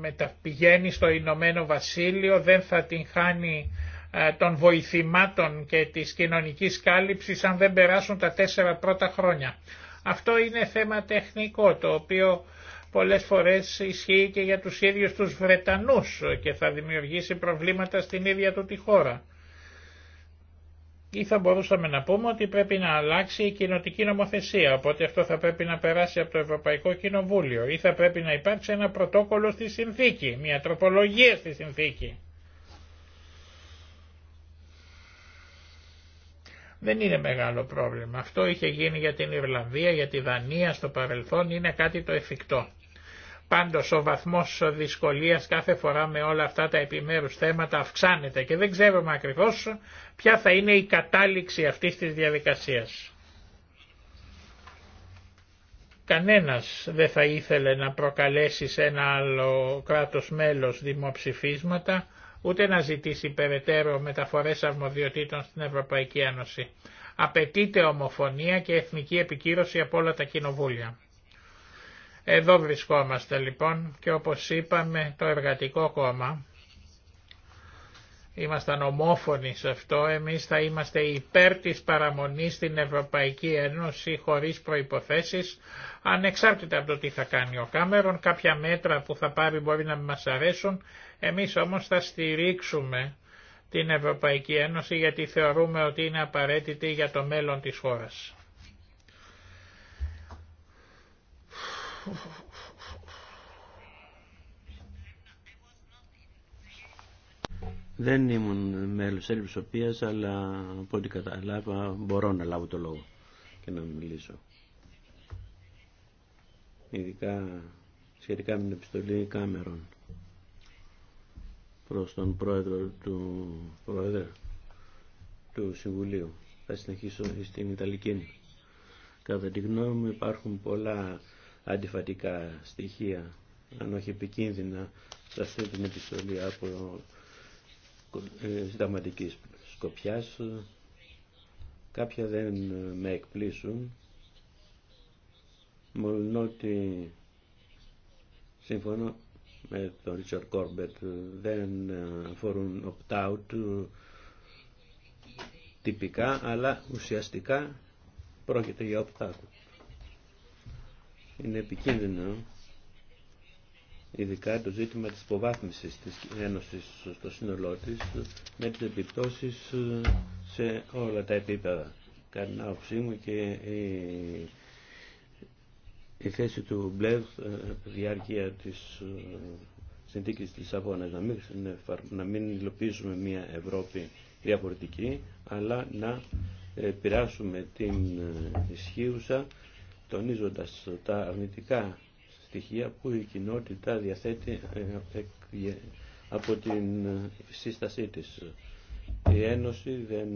με, τα πηγαίνει στο Ηνωμένο Βασίλειο δεν θα την χάνει ε, των βοηθημάτων και της κοινωνικής κάλυψης αν δεν περάσουν τα τέσσερα πρώτα χρόνια. Αυτό είναι θέμα τεχνικό το οποίο πολλές φορές ισχύει και για τους ίδιους τους Βρετανούς και θα δημιουργήσει προβλήματα στην ίδια του τη χώρα ή θα μπορούσαμε να πούμε ότι πρέπει να αλλάξει η κοινοτική νομοθεσία, οπότε αυτό θα πρέπει να περάσει από το Ευρωπαϊκό Κοινοβούλιο ή θα πρέπει να υπάρξει ένα πρωτόκολλο στη συνθήκη, μια τροπολογία στη συνθήκη. Δεν είναι μεγάλο πρόβλημα. Αυτό είχε γίνει για την Ιρλανδία, για τη Δανία στο παρελθόν, είναι κάτι το εφικτό. Πάντως ο βαθμός δυσκολίας κάθε φορά με όλα αυτά τα επιμέρους θέματα αυξάνεται και δεν ξέρουμε ακριβώς ποια θα είναι η κατάληξη αυτής της διαδικασίας. Κανένας δεν θα ήθελε να προκαλέσει σε ένα άλλο κράτος μέλος δημοψηφίσματα, ούτε να ζητήσει περαιτέρω μεταφορές αρμοδιοτήτων στην Ευρωπαϊκή Ένωση. Απαιτείται ομοφωνία και εθνική επικύρωση από όλα τα κοινοβούλια. Εδώ βρισκόμαστε λοιπόν και όπως είπαμε το Εργατικό Κόμμα, ήμασταν ομόφωνοι σε αυτό, εμείς θα είμαστε υπέρ της παραμονής στην Ευρωπαϊκή Ένωση χωρίς προϋποθέσεις, ανεξάρτητα από το τι θα κάνει ο Κάμερον, κάποια μέτρα που θα πάρει μπορεί να μας αρέσουν, εμείς όμως θα στηρίξουμε την Ευρωπαϊκή Ένωση γιατί θεωρούμε ότι είναι απαραίτητη για το μέλλον της χώρας. Δεν ήμουν μέλος της οποία αλλά από ό,τι καταλάβα μπορώ να λάβω το λόγο και να μιλήσω. Ειδικά σχετικά με την επιστολή Κάμερον προς τον πρόεδρο του, πρόεδρε, του Συμβουλίου. Θα συνεχίσω στην Ιταλική. Κατά τη γνώμη μου υπάρχουν πολλά αντιφατικά στοιχεία, αν όχι επικίνδυνα, σε με την επιστολή από ε, συνταγματική σκοπιά. Κάποια δεν με εκπλήσουν, μόνο ότι σύμφωνα με τον Ρίτσαρ Κόρμπετ δεν αφορούν opt-out τυπικά αλλά ουσιαστικά πρόκειται για opt-out είναι επικίνδυνο ειδικά το ζήτημα της υποβάθμισης της Ένωσης στο σύνολό της με τις επιπτώσεις σε όλα τα επίπεδα. Κατά να και η, θέση του Μπλεβ ε, διάρκεια της ε, συνθήκης της Λισαβόνας να μην, να μην υλοποιήσουμε μια Ευρώπη διαφορετική αλλά να ε, πειράσουμε την ισχύουσα τονίζοντας τα αρνητικά στοιχεία που η κοινότητα διαθέτει ε, ε, ε, από την σύστασή της. Η Ένωση δεν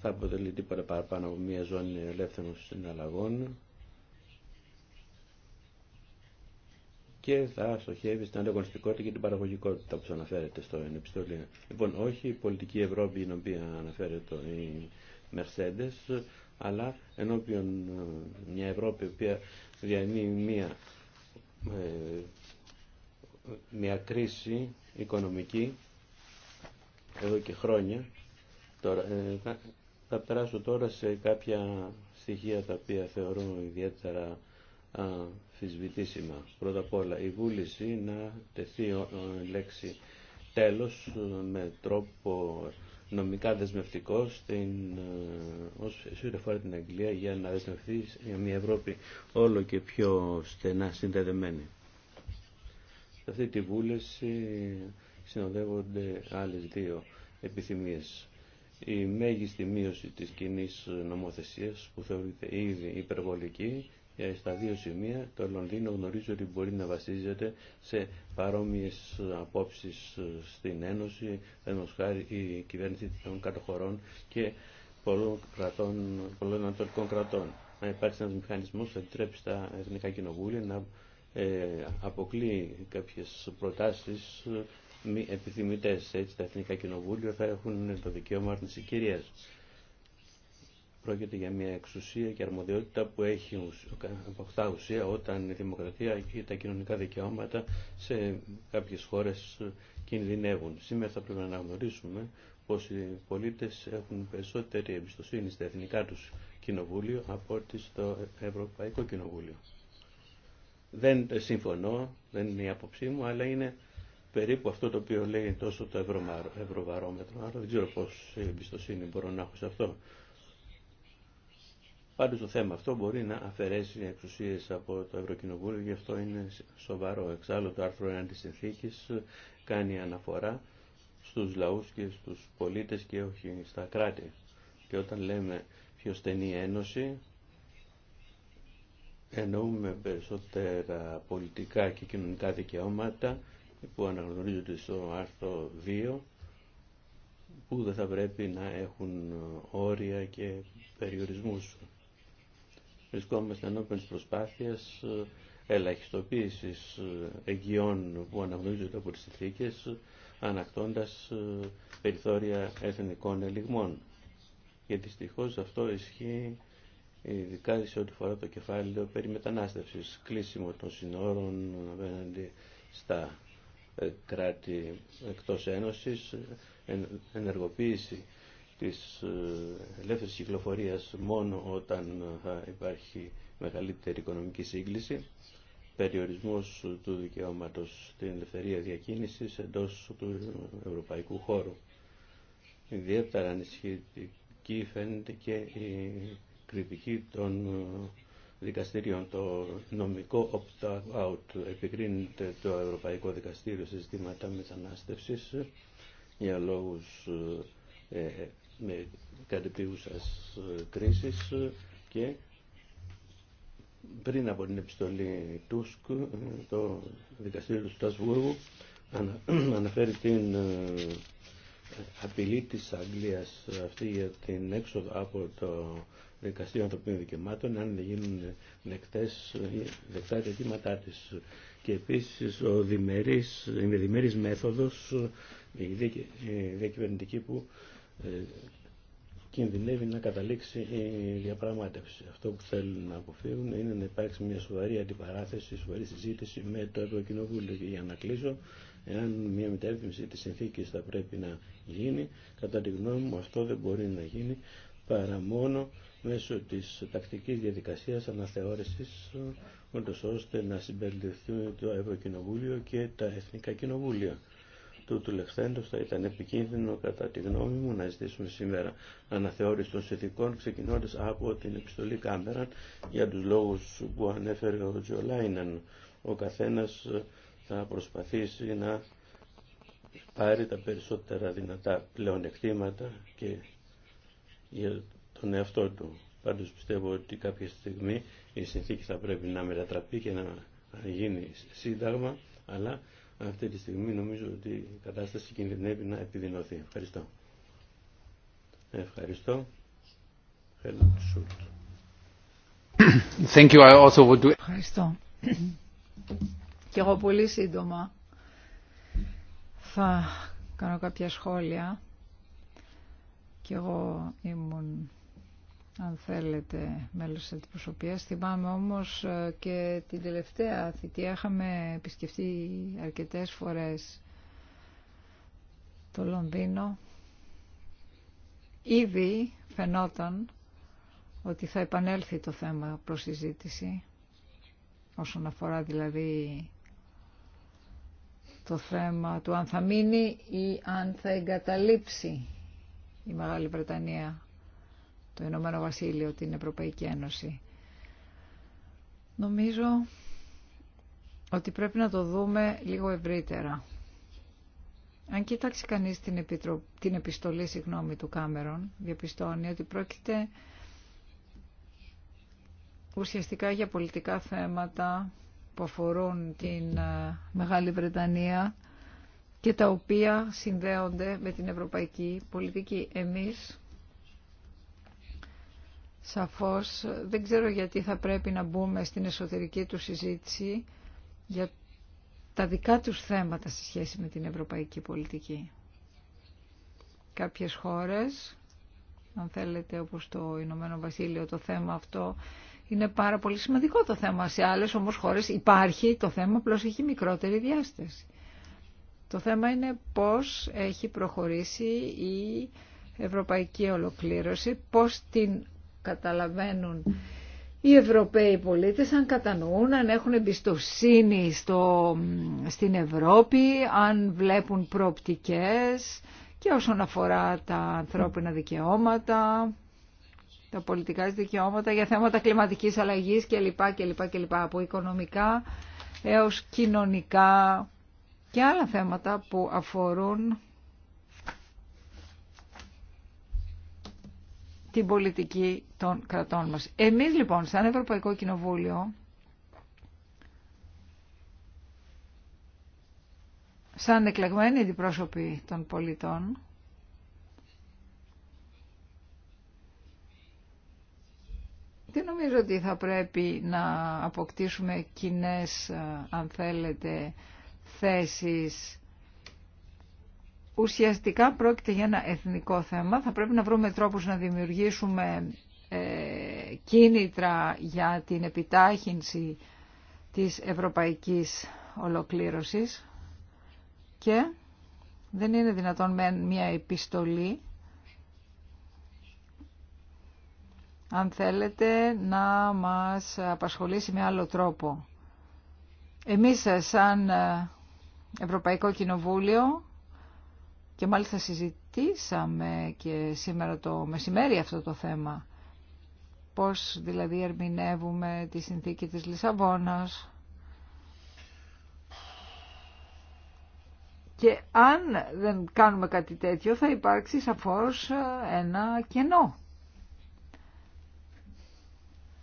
θα αποτελεί τίποτα παραπάνω από μια ζώνη ελεύθερων συναλλαγών και θα στοχεύει στην ανταγωνιστικότητα και την παραγωγικότητα που αναφέρεται στο επιστολή. Λοιπόν, όχι η πολιτική Ευρώπη, η οποία αναφέρεται η Mercedes, αλλά ενώπιον ε, μια Ευρώπη η οποία διανύει μια, ε, μια κρίση οικονομική εδώ και χρόνια τώρα, ε, θα περάσω τώρα σε κάποια στοιχεία τα οποία θεωρώ ιδιαίτερα αμφισβητήσιμα. Πρώτα απ' όλα η βούληση να τεθεί η λέξη τέλος με τρόπο νομικά δεσμευτικό στην, ε, ως αφορά την Αγγλία για να δεσμευτεί για μια Ευρώπη όλο και πιο στενά συνδεδεμένη. Σε αυτή τη βούληση συνοδεύονται άλλες δύο επιθυμίες. Η μέγιστη μείωση της κοινή νομοθεσίας που θεωρείται ήδη υπερβολική ε, στα δύο σημεία το Λονδίνο γνωρίζει ότι μπορεί να βασίζεται σε παρόμοιες απόψεις ε, στην Ένωση, ενώ χάρη η κυβέρνηση των κατοχωρών και πολλών, κρατών, πολλών ανατολικών κρατών. Να υπάρξει ένας μηχανισμός που θα επιτρέπει στα εθνικά κοινοβούλια να ε, αποκλεί κάποιες προτάσεις μη επιθυμητές. Έτσι τα εθνικά κοινοβούλια θα έχουν το δικαίωμα της Πρόκειται για μια εξουσία και αρμοδιότητα που έχει αποκτά ουσία όταν η δημοκρατία και τα κοινωνικά δικαιώματα σε κάποιες χώρες κινδυνεύουν. Σήμερα θα πρέπει να αναγνωρίσουμε πως οι πολίτες έχουν περισσότερη εμπιστοσύνη στα εθνικά τους κοινοβούλιο από ότι στο Ευρωπαϊκό Κοινοβούλιο. Δεν συμφωνώ, δεν είναι η άποψή μου, αλλά είναι περίπου αυτό το οποίο λέει τόσο το ευρωβαρόμετρο. Άρα δεν ξέρω πώς εμπιστοσύνη μπορώ να έχω σε αυτό. Πάντως το θέμα αυτό μπορεί να αφαιρέσει εξουσίες από το Ευρωκοινοβούλιο, γι' αυτό είναι σοβαρό. Εξάλλου το άρθρο 1 της συνθήκης κάνει αναφορά στους λαούς και στους πολίτες και όχι στα κράτη. Και όταν λέμε πιο στενή ένωση, εννοούμε περισσότερα πολιτικά και κοινωνικά δικαιώματα που αναγνωρίζονται στο άρθρο 2, που δεν θα πρέπει να έχουν όρια και περιορισμούς βρισκόμαστε ενώπιον της προσπάθειας ε, ελαχιστοποίησης ε, εγγυών που αναγνωρίζονται από τις συνθήκες ανακτώντας ε, περιθώρια εθνικών ελιγμών. Και δυστυχώς αυτό ισχύει ειδικά σε ό,τι φορά το κεφάλαιο περί μετανάστευσης, κλείσιμο των συνόρων απέναντι στα κράτη εκτός Ένωσης, ενεργοποίηση της ε, ελεύθερης κυκλοφορίας μόνο όταν ε, θα υπάρχει μεγαλύτερη οικονομική σύγκληση, περιορισμός του δικαιώματος στην ελευθερία διακίνησης εντός του ευρωπαϊκού χώρου. Ιδιαίτερα ανησυχητική φαίνεται και η κριτική των ε, δικαστηρίων. Το νομικό opt-out επικρίνεται το Ευρωπαϊκό Δικαστήριο σε ζητήματα μετανάστευσης για λόγους με κατεπίγουσας ε, κρίσης ε, και πριν από την επιστολή Τούσκ, ε, το δικαστήριο του Στασβούργου αναφέρει την απειλή της Αγγλίας αυτή για την έξοδο από το Δικαστήριο Ανθρωπίνων Δικαιωμάτων αν δεν γίνουν δεκτές, δεκτά τα αιτήματά της. Και επίσης ο διμερής, η διμερής μέθοδος, η διακυβερνητική που ε, κινδυνεύει να καταλήξει η διαπραγμάτευση. Αυτό που θέλουν να αποφύγουν είναι να υπάρξει μια σοβαρή αντιπαράθεση, σοβαρή συζήτηση με το Ευρωκοινοβούλιο. Και για να κλείσω, εάν μια μεταρρύθμιση της συνθήκης θα πρέπει να γίνει, κατά τη γνώμη μου αυτό δεν μπορεί να γίνει παρά μόνο μέσω της τακτικής διαδικασίας αναθεώρησης ούτως ώστε να συμπεριληφθούν το Ευρωκοινοβούλιο και τα Εθνικά Κοινοβούλια. Τούτου λεχθέντος θα ήταν επικίνδυνο κατά τη γνώμη μου να ζητήσουμε σήμερα αναθεώρηση των συνθηκών ξεκινώντας από την επιστολή κάμερα για τους λόγους που ανέφερε ο Τζολάιναν. Ο καθένας ε, θα προσπαθήσει να πάρει τα περισσότερα δυνατά πλεονεκτήματα και για τον εαυτό του. Πάντως πιστεύω ότι κάποια στιγμή η συνθήκη θα πρέπει να μετατραπεί και να γίνει σύνταγμα, αλλά αυτή τη στιγμή νομίζω ότι η κατάσταση κινδυνεύει να επιδεινωθεί. Ευχαριστώ. Ευχαριστώ. Thank you. I also would Ευχαριστώ. Και εγώ πολύ σύντομα θα κάνω κάποια σχόλια. Και εγώ ήμουν αν θέλετε, μέλος της αντιπροσωπείας. Θυμάμαι όμως ε, και την τελευταία θητεία είχαμε επισκεφτεί αρκετές φορές το Λονδίνο. Ήδη φαινόταν ότι θα επανέλθει το θέμα προς συζήτηση, όσον αφορά δηλαδή το θέμα του αν θα μείνει ή αν θα εγκαταλείψει η Μεγάλη Βρετανία το Ηνωμένο Βασίλειο, την Ευρωπαϊκή Ένωση. Νομίζω ότι πρέπει να το δούμε λίγο ευρύτερα. Αν κοιτάξει κανείς την, την επιστολή συγγνώμη, του Κάμερον, διαπιστώνει ότι πρόκειται ουσιαστικά για πολιτικά θέματα που αφορούν την ε, Μεγάλη Βρετανία και τα οποία συνδέονται με την ευρωπαϊκή πολιτική. Εμείς Σαφώς δεν ξέρω γιατί θα πρέπει να μπούμε στην εσωτερική του συζήτηση για τα δικά τους θέματα σε σχέση με την ευρωπαϊκή πολιτική. Κάποιες χώρες, αν θέλετε όπως το Ηνωμένο Βασίλειο το θέμα αυτό, είναι πάρα πολύ σημαντικό το θέμα. Σε άλλες όμως χώρες υπάρχει το θέμα, απλώς έχει μικρότερη διάσταση. Το θέμα είναι πώς έχει προχωρήσει η ευρωπαϊκή ολοκλήρωση, πώς την καταλαβαίνουν οι Ευρωπαίοι πολίτες αν κατανοούν, αν έχουν εμπιστοσύνη στο, στην Ευρώπη, αν βλέπουν προοπτικές και όσον αφορά τα ανθρώπινα δικαιώματα, τα πολιτικά δικαιώματα για θέματα κλιματικής αλλαγής κλπ. κλπ από οικονομικά έως κοινωνικά και άλλα θέματα που αφορούν την πολιτική των κρατών μας. Εμείς λοιπόν, σαν Ευρωπαϊκό Κοινοβούλιο, σαν εκλεγμένοι αντιπρόσωποι των πολιτών, δεν νομίζω ότι θα πρέπει να αποκτήσουμε κοινέ, ε, αν θέλετε, θέσεις ουσιαστικά πρόκειται για ένα εθνικό θέμα. Θα πρέπει να βρούμε τρόπους να δημιουργήσουμε ε, κίνητρα για την επιτάχυνση της ευρωπαϊκής ολοκλήρωσης και δεν είναι δυνατόν με μια επιστολή αν θέλετε να μας απασχολήσει με άλλο τρόπο. Εμείς σαν ε, Ευρωπαϊκό Κοινοβούλιο και μάλιστα συζητήσαμε και σήμερα το μεσημέρι αυτό το θέμα. Πώς δηλαδή ερμηνεύουμε τη συνθήκη της Λισαβόνας. Και αν δεν κάνουμε κάτι τέτοιο θα υπάρξει σαφώς ε, ένα κενό.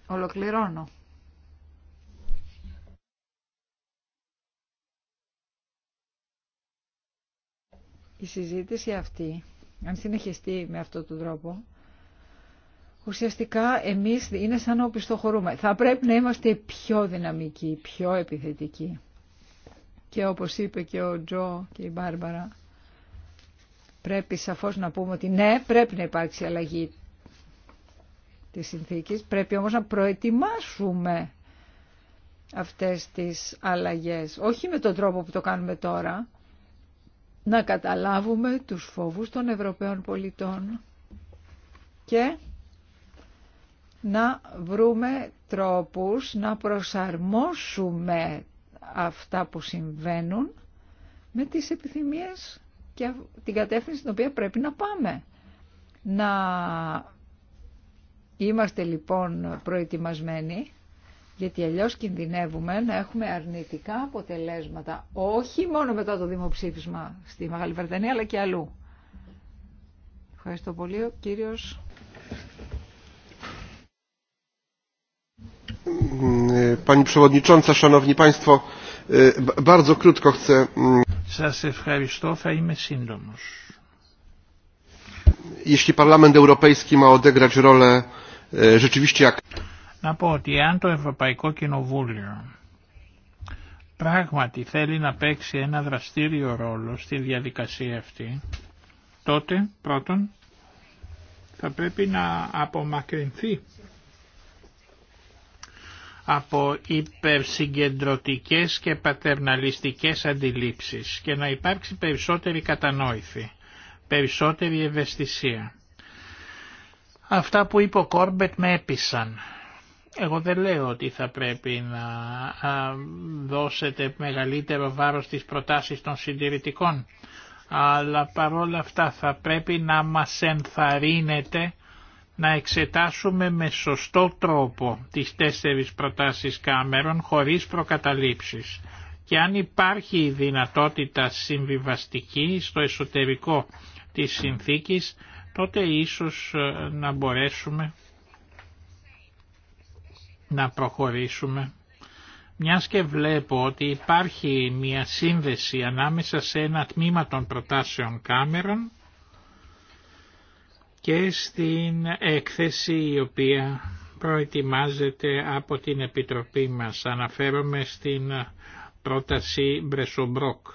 Ολοκληρώνω. Η συζήτηση αυτή, αν συνεχιστεί με αυτόν τον τρόπο, ουσιαστικά εμείς είναι σαν να οπισθοχωρούμε. Θα πρέπει να είμαστε πιο δυναμικοί, πιο επιθετικοί. Και όπως είπε και ο Τζο και η Μπάρμπαρα, πρέπει σαφώς να πούμε ότι ναι, πρέπει να υπάρξει αλλαγή της συνθήκης, πρέπει όμως να προετοιμάσουμε αυτές τις αλλαγές. Όχι με τον τρόπο που το κάνουμε τώρα, να καταλάβουμε τους φόβους των Ευρωπαίων πολιτών και να βρούμε τρόπους να προσαρμόσουμε αυτά που συμβαίνουν με τις επιθυμίες και την κατεύθυνση στην οποία πρέπει να πάμε. Να είμαστε λοιπόν προετοιμασμένοι γιατί αλλιώς κινδυνεύουμε να έχουμε αρνητικά αποτελέσματα, όχι μόνο μετά το δημοψήφισμα στη Μεγάλη Βρετανία, αλλά και αλλού. Ευχαριστώ πολύ. Ο κύριος... Πάνη ε, Przewodnicząca, Szanowni Państwo, e, bardzo krótko chcę... Mm, Σας ευχαριστώ, θα είμαι σύντομος. Jeśli Parlament Europejski ma odegrać rolę e, rzeczywiście jak να πω ότι αν το Ευρωπαϊκό Κοινοβούλιο πράγματι θέλει να παίξει ένα δραστήριο ρόλο στη διαδικασία αυτή, τότε πρώτον θα πρέπει να απομακρυνθεί από υπερσυγκεντρωτικές και πατερναλιστικές αντιλήψεις και να υπάρξει περισσότερη κατανόηση, περισσότερη ευαισθησία. Αυτά που είπε ο Κόρμπετ με έπεισαν εγώ δεν λέω ότι θα πρέπει να δώσετε μεγαλύτερο βάρος στις προτάσεις των συντηρητικών, αλλά παρόλα αυτά θα πρέπει να μας ενθαρρύνετε να εξετάσουμε με σωστό τρόπο τις τέσσερις προτάσεις κάμερων χωρίς προκαταλήψεις. Και αν υπάρχει η δυνατότητα συμβιβαστική στο εσωτερικό της συνθήκης, τότε ίσως ε, να μπορέσουμε να προχωρήσουμε μιας και βλέπω ότι υπάρχει μια σύνδεση ανάμεσα σε ένα τμήμα των προτάσεων κάμερων και στην έκθεση η οποία προετοιμάζεται από την Επιτροπή μας. Αναφέρομαι στην πρόταση Μπρεσομπρόκ.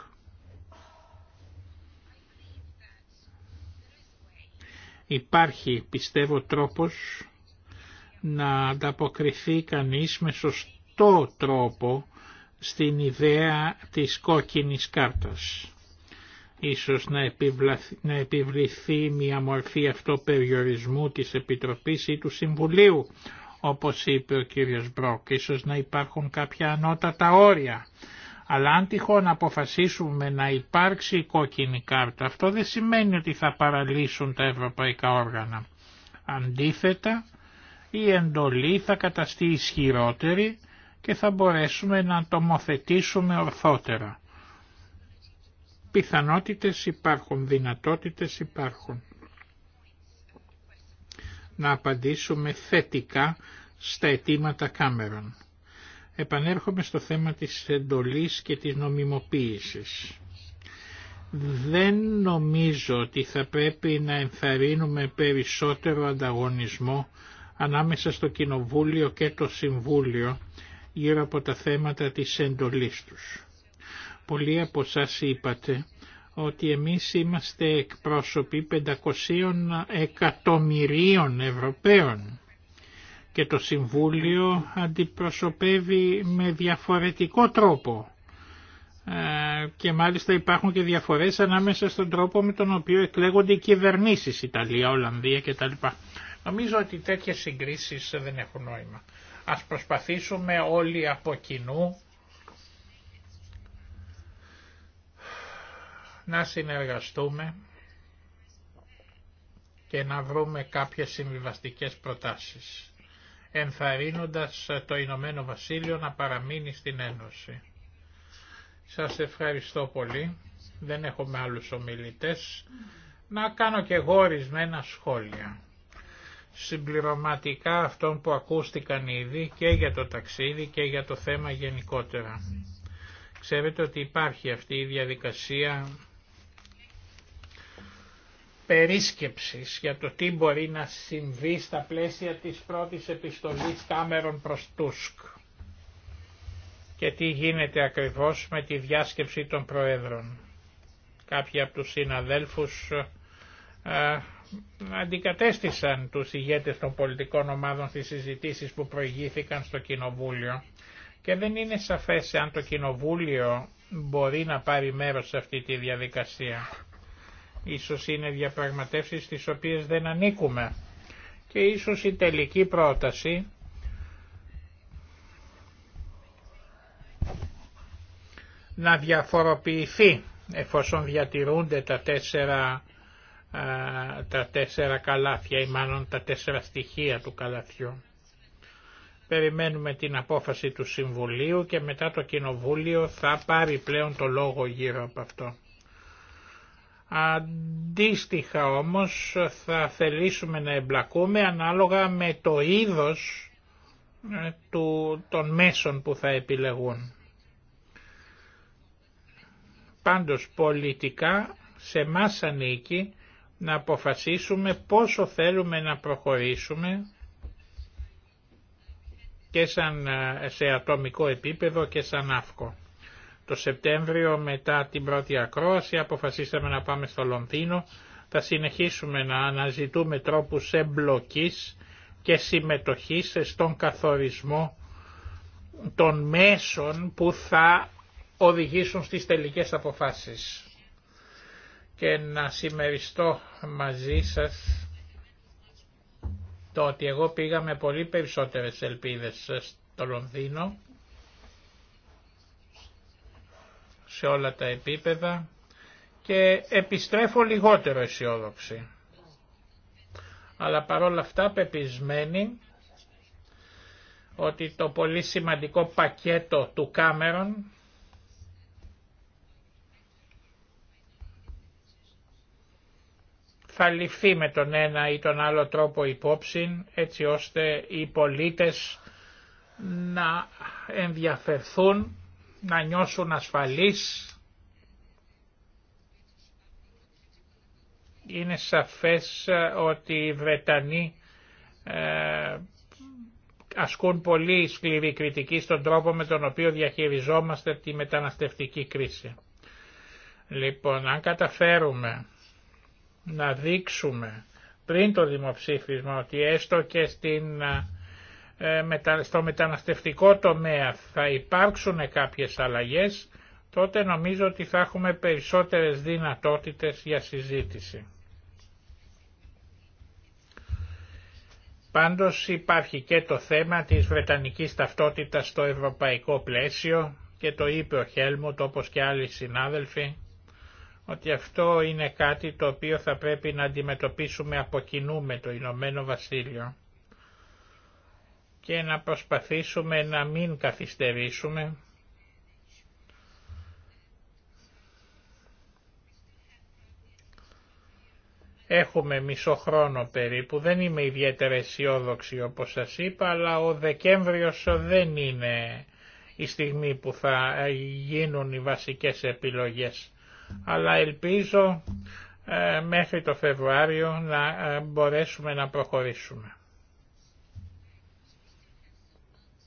Υπάρχει, πιστεύω, τρόπος να ανταποκριθεί κανείς με σωστό τρόπο στην ιδέα της κόκκινης κάρτας. Ίσως να, επιβληθεί μια μορφή αυτοπεριορισμού της Επιτροπής ή του Συμβουλίου, όπως είπε ο κύριος Μπρόκ. Ίσως να υπάρχουν κάποια ανώτατα όρια. Αλλά αν τυχόν αποφασίσουμε να υπάρξει η κόκκινη κάρτα, αποφασισουμε να υπαρξει κοκκινη καρτα αυτο δεν σημαίνει ότι θα παραλύσουν τα ευρωπαϊκά όργανα. Αντίθετα, η εντολή θα καταστεί ισχυρότερη και θα μπορέσουμε να τομοθετήσουμε ορθότερα. Πιθανότητες υπάρχουν, δυνατότητες υπάρχουν. Να απαντήσουμε θετικά στα αιτήματα Κάμερον. Επανέρχομαι στο θέμα της εντολής και της νομιμοποίησης. Δεν νομίζω ότι θα πρέπει να ενθαρρύνουμε περισσότερο ανταγωνισμό ανάμεσα στο Κοινοβούλιο και το Συμβούλιο γύρω από τα θέματα της εντολής τους. Πολλοί από εσά είπατε ότι εμείς είμαστε εκπρόσωποι 500 εκατομμυρίων Ευρωπαίων και το Συμβούλιο αντιπροσωπεύει με διαφορετικό τρόπο ε, και μάλιστα υπάρχουν και διαφορές ανάμεσα στον τρόπο με τον οποίο εκλέγονται οι κυβερνήσεις Ιταλία, Ολλανδία κτλ. Νομίζω ότι τέτοιε συγκρίσει δεν έχουν νόημα. Ας προσπαθήσουμε όλοι από κοινού να συνεργαστούμε και να βρούμε κάποιες συμβιβαστικές προτάσεις, ενθαρρύνοντας το Ηνωμένο Βασίλειο να παραμείνει στην Ένωση. Σας ευχαριστώ πολύ. Δεν έχουμε άλλους ομιλητές. Να κάνω και εγώ ορισμένα σχόλια συμπληρωματικά αυτών που ακούστηκαν ήδη και για το ταξίδι και για το θέμα γενικότερα. Ξέρετε ότι υπάρχει αυτή η διαδικασία περίσκεψης για το τι μπορεί να συμβεί στα πλαίσια της πρώτης επιστολής Κάμερον προς Τούσκ και τι γίνεται ακριβώς με τη διάσκεψη των Προέδρων. Κάποιοι από τους συναδέλφους αντικατέστησαν τους ηγέτες των πολιτικών ομάδων στις συζητήσεις που προηγήθηκαν στο Κοινοβούλιο και δεν είναι σαφές αν το Κοινοβούλιο μπορεί να πάρει μέρος σε αυτή τη διαδικασία. Ίσως είναι διαπραγματεύσεις στις οποίες δεν ανήκουμε και ίσως η τελική πρόταση να διαφοροποιηθεί εφόσον διατηρούνται τα τέσσερα τα τέσσερα καλάθια ή μάλλον τα τέσσερα στοιχεία του καλαθιού. Περιμένουμε την απόφαση του Συμβουλίου και μετά το Κοινοβούλιο θα πάρει πλέον το λόγο γύρω από αυτό. Αντίστοιχα όμως θα θελήσουμε να εμπλακούμε ανάλογα με το είδος ε, του, των μέσων που θα επιλεγούν. Πάντως πολιτικά σε μας ανήκει να αποφασίσουμε πόσο θέλουμε να προχωρήσουμε και σαν ε, σε ατομικό επίπεδο και σαν αύκο. Το Σεπτέμβριο μετά την πρώτη ακρόαση αποφασίσαμε να πάμε στο Λονδίνο. Θα συνεχίσουμε να αναζητούμε τρόπους εμπλοκής και συμμετοχής στον καθορισμό των μέσων που θα οδηγήσουν στις τελικές αποφάσεις και να συμμεριστώ μαζί σας το ότι εγώ πήγα με πολύ περισσότερες ελπίδες στο Λονδίνο σε όλα τα επίπεδα και επιστρέφω λιγότερο αισιόδοξη. Αλλά παρόλα αυτά πεπισμένη ότι το πολύ σημαντικό πακέτο του Κάμερον θα ληφθεί με τον ένα ή τον άλλο τρόπο υπόψη έτσι ώστε οι πολίτες να ενδιαφερθούν, να νιώσουν ασφαλείς. Είναι σαφές ε, ότι οι Βρετανοί ε, ασκούν πολύ σκληρή κριτική στον τρόπο με τον οποίο διαχειριζόμαστε τη μεταναστευτική κρίση. Λοιπόν, αν καταφέρουμε να δείξουμε πριν το δημοψήφισμα ότι έστω και στην, ε, στο μεταναστευτικό τομέα θα υπάρξουν κάποιες αλλαγές, τότε νομίζω ότι θα έχουμε περισσότερες δυνατότητες για συζήτηση. Πάντως υπάρχει και το θέμα της Βρετανικής ταυτότητας στο ευρωπαϊκό πλαίσιο και το είπε ο Χέλμουτ όπως και άλλοι συνάδελφοι ότι αυτό είναι κάτι το οποίο θα πρέπει να αντιμετωπίσουμε από κοινού με το Ηνωμένο Βασίλειο και να προσπαθήσουμε να μην καθυστερήσουμε Έχουμε μισό χρόνο περίπου, δεν είμαι ιδιαίτερα αισιόδοξη όπως σας είπα, αλλά ο Δεκέμβριος δεν είναι η στιγμή που θα γίνουν οι βασικές επιλογές αλλά ελπίζω ε, μέχρι το Φεβρουάριο να ε, μπορέσουμε να προχωρήσουμε.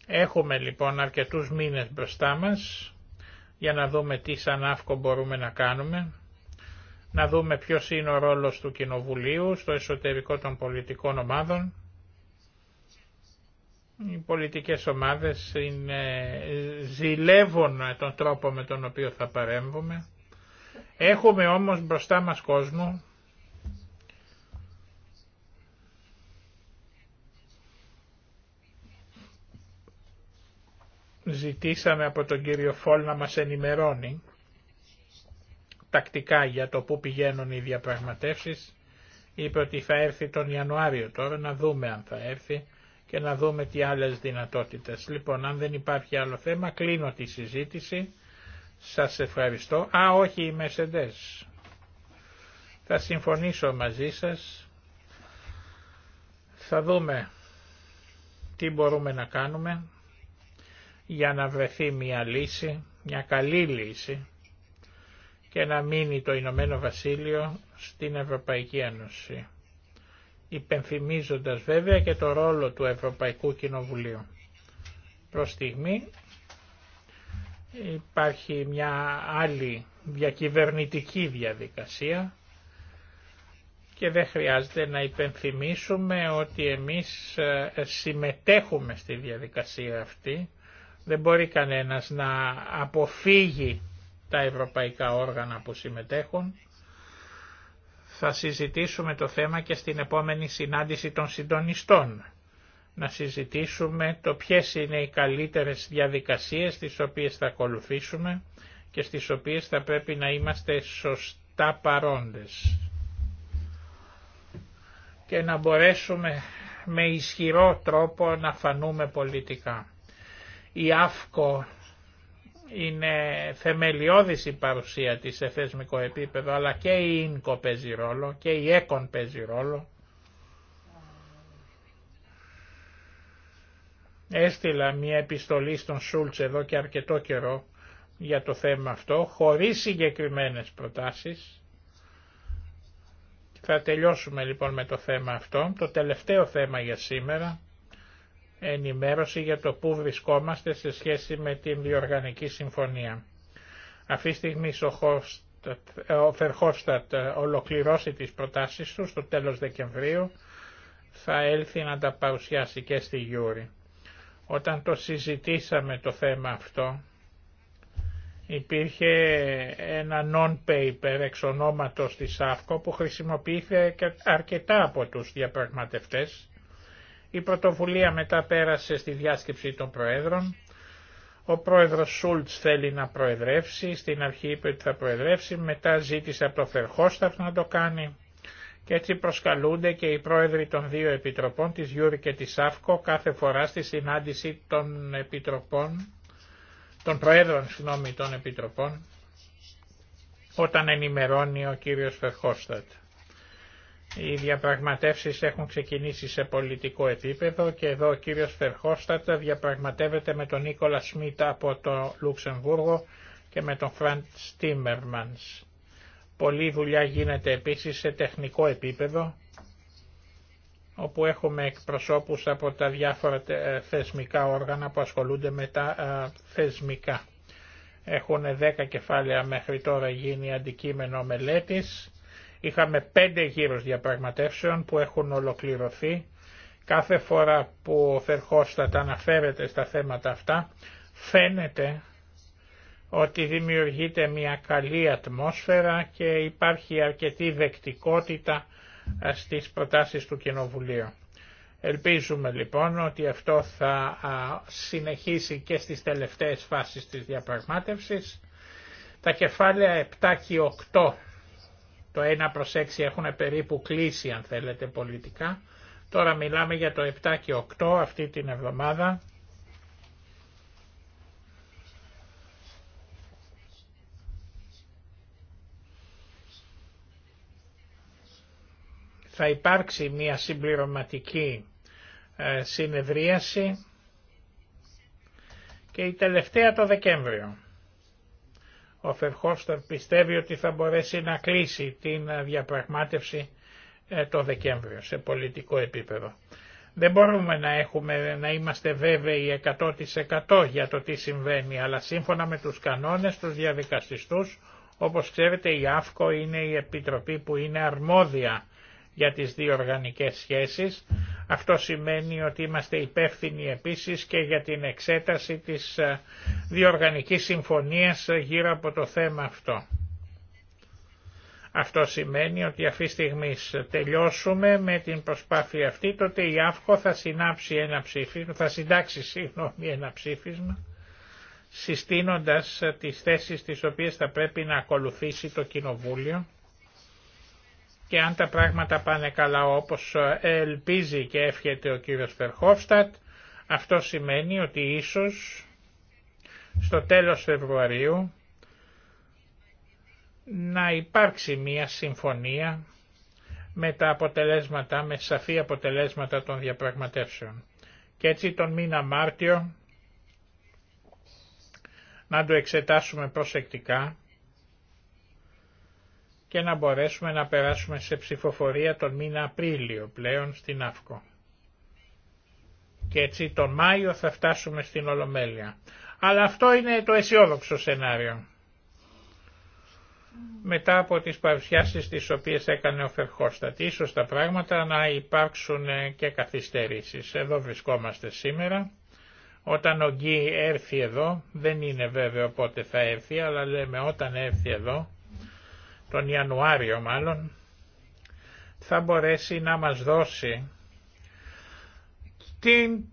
Έχουμε λοιπόν αρκετούς μήνες μπροστά μας για να δούμε τι σαν αύκο μπορούμε να κάνουμε, να δούμε ποιος είναι ο ρόλος του Κοινοβουλίου στο εσωτερικό των πολιτικών ομάδων. Οι πολιτικές ομάδες είναι, ζηλεύουν τον τρόπο με τον οποίο θα παρέμβουμε Έχουμε όμως μπροστά μας κόσμο ζητήσαμε από τον κύριο Φόλ να μας ενημερώνει τακτικά για το πού πηγαίνουν οι διαπραγματεύσεις. Είπε ότι θα έρθει τον Ιανουάριο τώρα, να δούμε αν θα έρθει και να δούμε τι άλλες δυνατότητες. Λοιπόν, αν δεν υπάρχει άλλο θέμα, κλείνω τη συζήτηση. Σας ευχαριστώ. Α, όχι, οι Μεσεντές. Θα συμφωνήσω μαζί σας. Θα δούμε τι μπορούμε να κάνουμε για να βρεθεί μια λύση, μια καλή λύση και να μείνει το Ηνωμένο Βασίλειο στην Ευρωπαϊκή Ένωση. Υπενθυμίζοντας βέβαια και το ρόλο του Ευρωπαϊκού Κοινοβουλίου. Προς στιγμή Υπάρχει μια άλλη διακυβερνητική διαδικασία και δεν χρειάζεται να υπενθυμίσουμε ότι εμείς ε, συμμετέχουμε στη διαδικασία αυτή. Δεν μπορεί κανένας να αποφύγει τα ευρωπαϊκά όργανα που συμμετέχουν. Θα συζητήσουμε το θέμα και στην επόμενη συνάντηση των συντονιστών να συζητήσουμε το ποιες είναι οι καλύτερες διαδικασίες τις οποίες θα ακολουθήσουμε και στις οποίες θα πρέπει να είμαστε σωστά παρόντες και να μπορέσουμε με ισχυρό τρόπο να φανούμε πολιτικά. Η ΑΦΚΟ είναι θεμελιώδης η παρουσία της σε θεσμικό επίπεδο, αλλά και η ΙΝΚΟ παίζει ρόλο και η ΕΚΟΝ παίζει ρόλο Έστειλα μια επιστολή στον Σούλτς εδώ και αρκετό καιρό για το θέμα αυτό, χωρίς συγκεκριμένες προτάσεις. Θα τελειώσουμε λοιπόν με το θέμα αυτό. Το τελευταίο θέμα για σήμερα, ενημέρωση για το πού βρισκόμαστε σε σχέση με την διοργανική συμφωνία. Αυτή τη στιγμή ο ε, Φερχόφστατ ε, ολοκληρώσει τις προτάσεις του στο τέλος Δεκεμβρίου, θα έλθει να τα παρουσιάσει και στη Γιούρη. Όταν το συζητήσαμε το θέμα αυτό, υπήρχε ένα non-paper εξ ονόματος της ΑΦΚΟ που χρησιμοποιήθηκε αρκετά από τους διαπραγματευτές. Η πρωτοβουλία μετά πέρασε στη διάσκεψη των Προέδρων. Ο πρόεδρος Σούλτς θέλει να προεδρεύσει, στην αρχή είπε ότι θα προεδρεύσει, μετά ζήτησε από το Φερχόσταφ να το κάνει και έτσι προσκαλούνται και οι πρόεδροι των δύο επιτροπών, της Γιούρη και της ΑΦΚΟ, κάθε φορά στη συνάντηση των επιτροπών, των προέδρων συγγνώμη, των επιτροπών, όταν ενημερώνει ο κύριος Φερχόστατ. Οι διαπραγματεύσεις έχουν ξεκινήσει σε πολιτικό επίπεδο και εδώ ο κύριος Φερχόστατ διαπραγματεύεται με τον Νίκολα Σμίτα από το Λουξεμβούργο και με τον Φραντ Στίμερμανς. Πολλή δουλειά γίνεται επίσης σε τεχνικό επίπεδο, όπου έχουμε εκπροσώπους από τα διάφορα ε, θεσμικά όργανα που ασχολούνται με τα ε, θεσμικά. Έχουν 10 κεφάλαια μέχρι τώρα γίνει αντικείμενο μελέτης. Είχαμε 5 γύρους διαπραγματεύσεων που έχουν ολοκληρωθεί. Κάθε φορά που ο Φερχόστατα αναφέρεται στα θέματα αυτά, φαίνεται ότι δημιουργείται μια καλή ατμόσφαιρα και υπάρχει αρκετή δεκτικότητα ε, στις προτάσεις του Κοινοβουλίου. Ελπίζουμε λοιπόν ότι αυτό θα συνεχίσει και στις τελευταίες φάσεις της διαπραγμάτευσης. Τα κεφάλαια 7 και 8, το 1 προς 6 έχουν περίπου κλείσει αν θέλετε πολιτικά. Τώρα μιλάμε για το 7 και 8 αυτή την εβδομάδα θα υπάρξει μια συμπληρωματική ε, συνεδρίαση και η τελευταία το Δεκέμβριο. Ο Φερχώσταρ πιστεύει ότι θα μπορέσει να κλείσει την ε, διαπραγμάτευση ε, το Δεκέμβριο σε πολιτικό επίπεδο. Δεν μπορούμε να, έχουμε, να είμαστε βέβαιοι 100% για το τι συμβαίνει, αλλά σύμφωνα με τους κανόνες, τους διαδικαστιστούς, όπως ξέρετε η ΑΦΚΟ είναι η επιτροπή που είναι αρμόδια για τις οργανικές σχέσεις. Αυτό σημαίνει ότι είμαστε υπεύθυνοι επίσης και για την εξέταση της ε, διοργανικής συμφωνίας ε, γύρω από το θέμα αυτό. Αυτό σημαίνει ότι αυτή τη στιγμή τελειώσουμε με την προσπάθεια αυτή, τότε η ΑΦΚΟ θα, συνάψει ένα ψήφισμα, θα συντάξει συγγνώμη, ένα ψήφισμα, συστήνοντας ε, τις θέσεις τις οποίες θα πρέπει να ακολουθήσει το Κοινοβούλιο και αν τα πράγματα πάνε καλά όπως ε, ελπίζει και εύχεται ο κύριος Φερχόφστατ, αυτό σημαίνει ότι ίσως στο τέλος Φεβρουαρίου να υπάρξει μία συμφωνία με τα αποτελέσματα, με σαφή αποτελέσματα των διαπραγματεύσεων. Και έτσι τον μήνα Μάρτιο να το εξετάσουμε προσεκτικά και να μπορέσουμε να περάσουμε σε ψηφοφορία τον μήνα Απρίλιο πλέον στην ΑΦΚΟ. Και έτσι τον Μάιο θα φτάσουμε στην Ολομέλεια. Αλλά αυτό είναι το αισιόδοξο σενάριο. Μετά από τις παρουσιάσεις τις οποίες έκανε ο Φερχώστατη, ίσως τα πράγματα να υπάρξουν ε, και καθυστερήσεις. Εδώ βρισκόμαστε σήμερα. Όταν ο Γκί έρθει εδώ, δεν είναι βέβαιο πότε θα έρθει, αλλά λέμε όταν έρθει εδώ, τον Ιανουάριο μάλλον, θα μπορέσει να μας δώσει την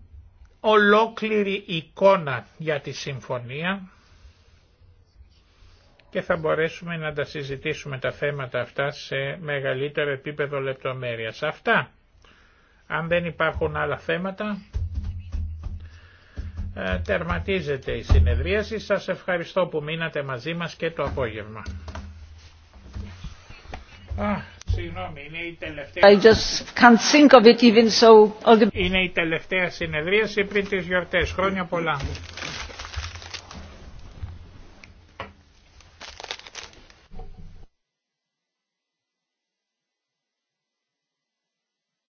ολόκληρη εικόνα για τη συμφωνία και θα μπορέσουμε να τα συζητήσουμε τα θέματα αυτά σε μεγαλύτερο επίπεδο λεπτομέρειας. Αυτά, αν δεν υπάρχουν άλλα θέματα, ε, τερματίζεται η συνεδρίαση. Σας ευχαριστώ που μείνατε μαζί μας και το απόγευμα είναι η τελευταία... η συνεδρίαση πριν τις γιορτές. Χρόνια πολλά.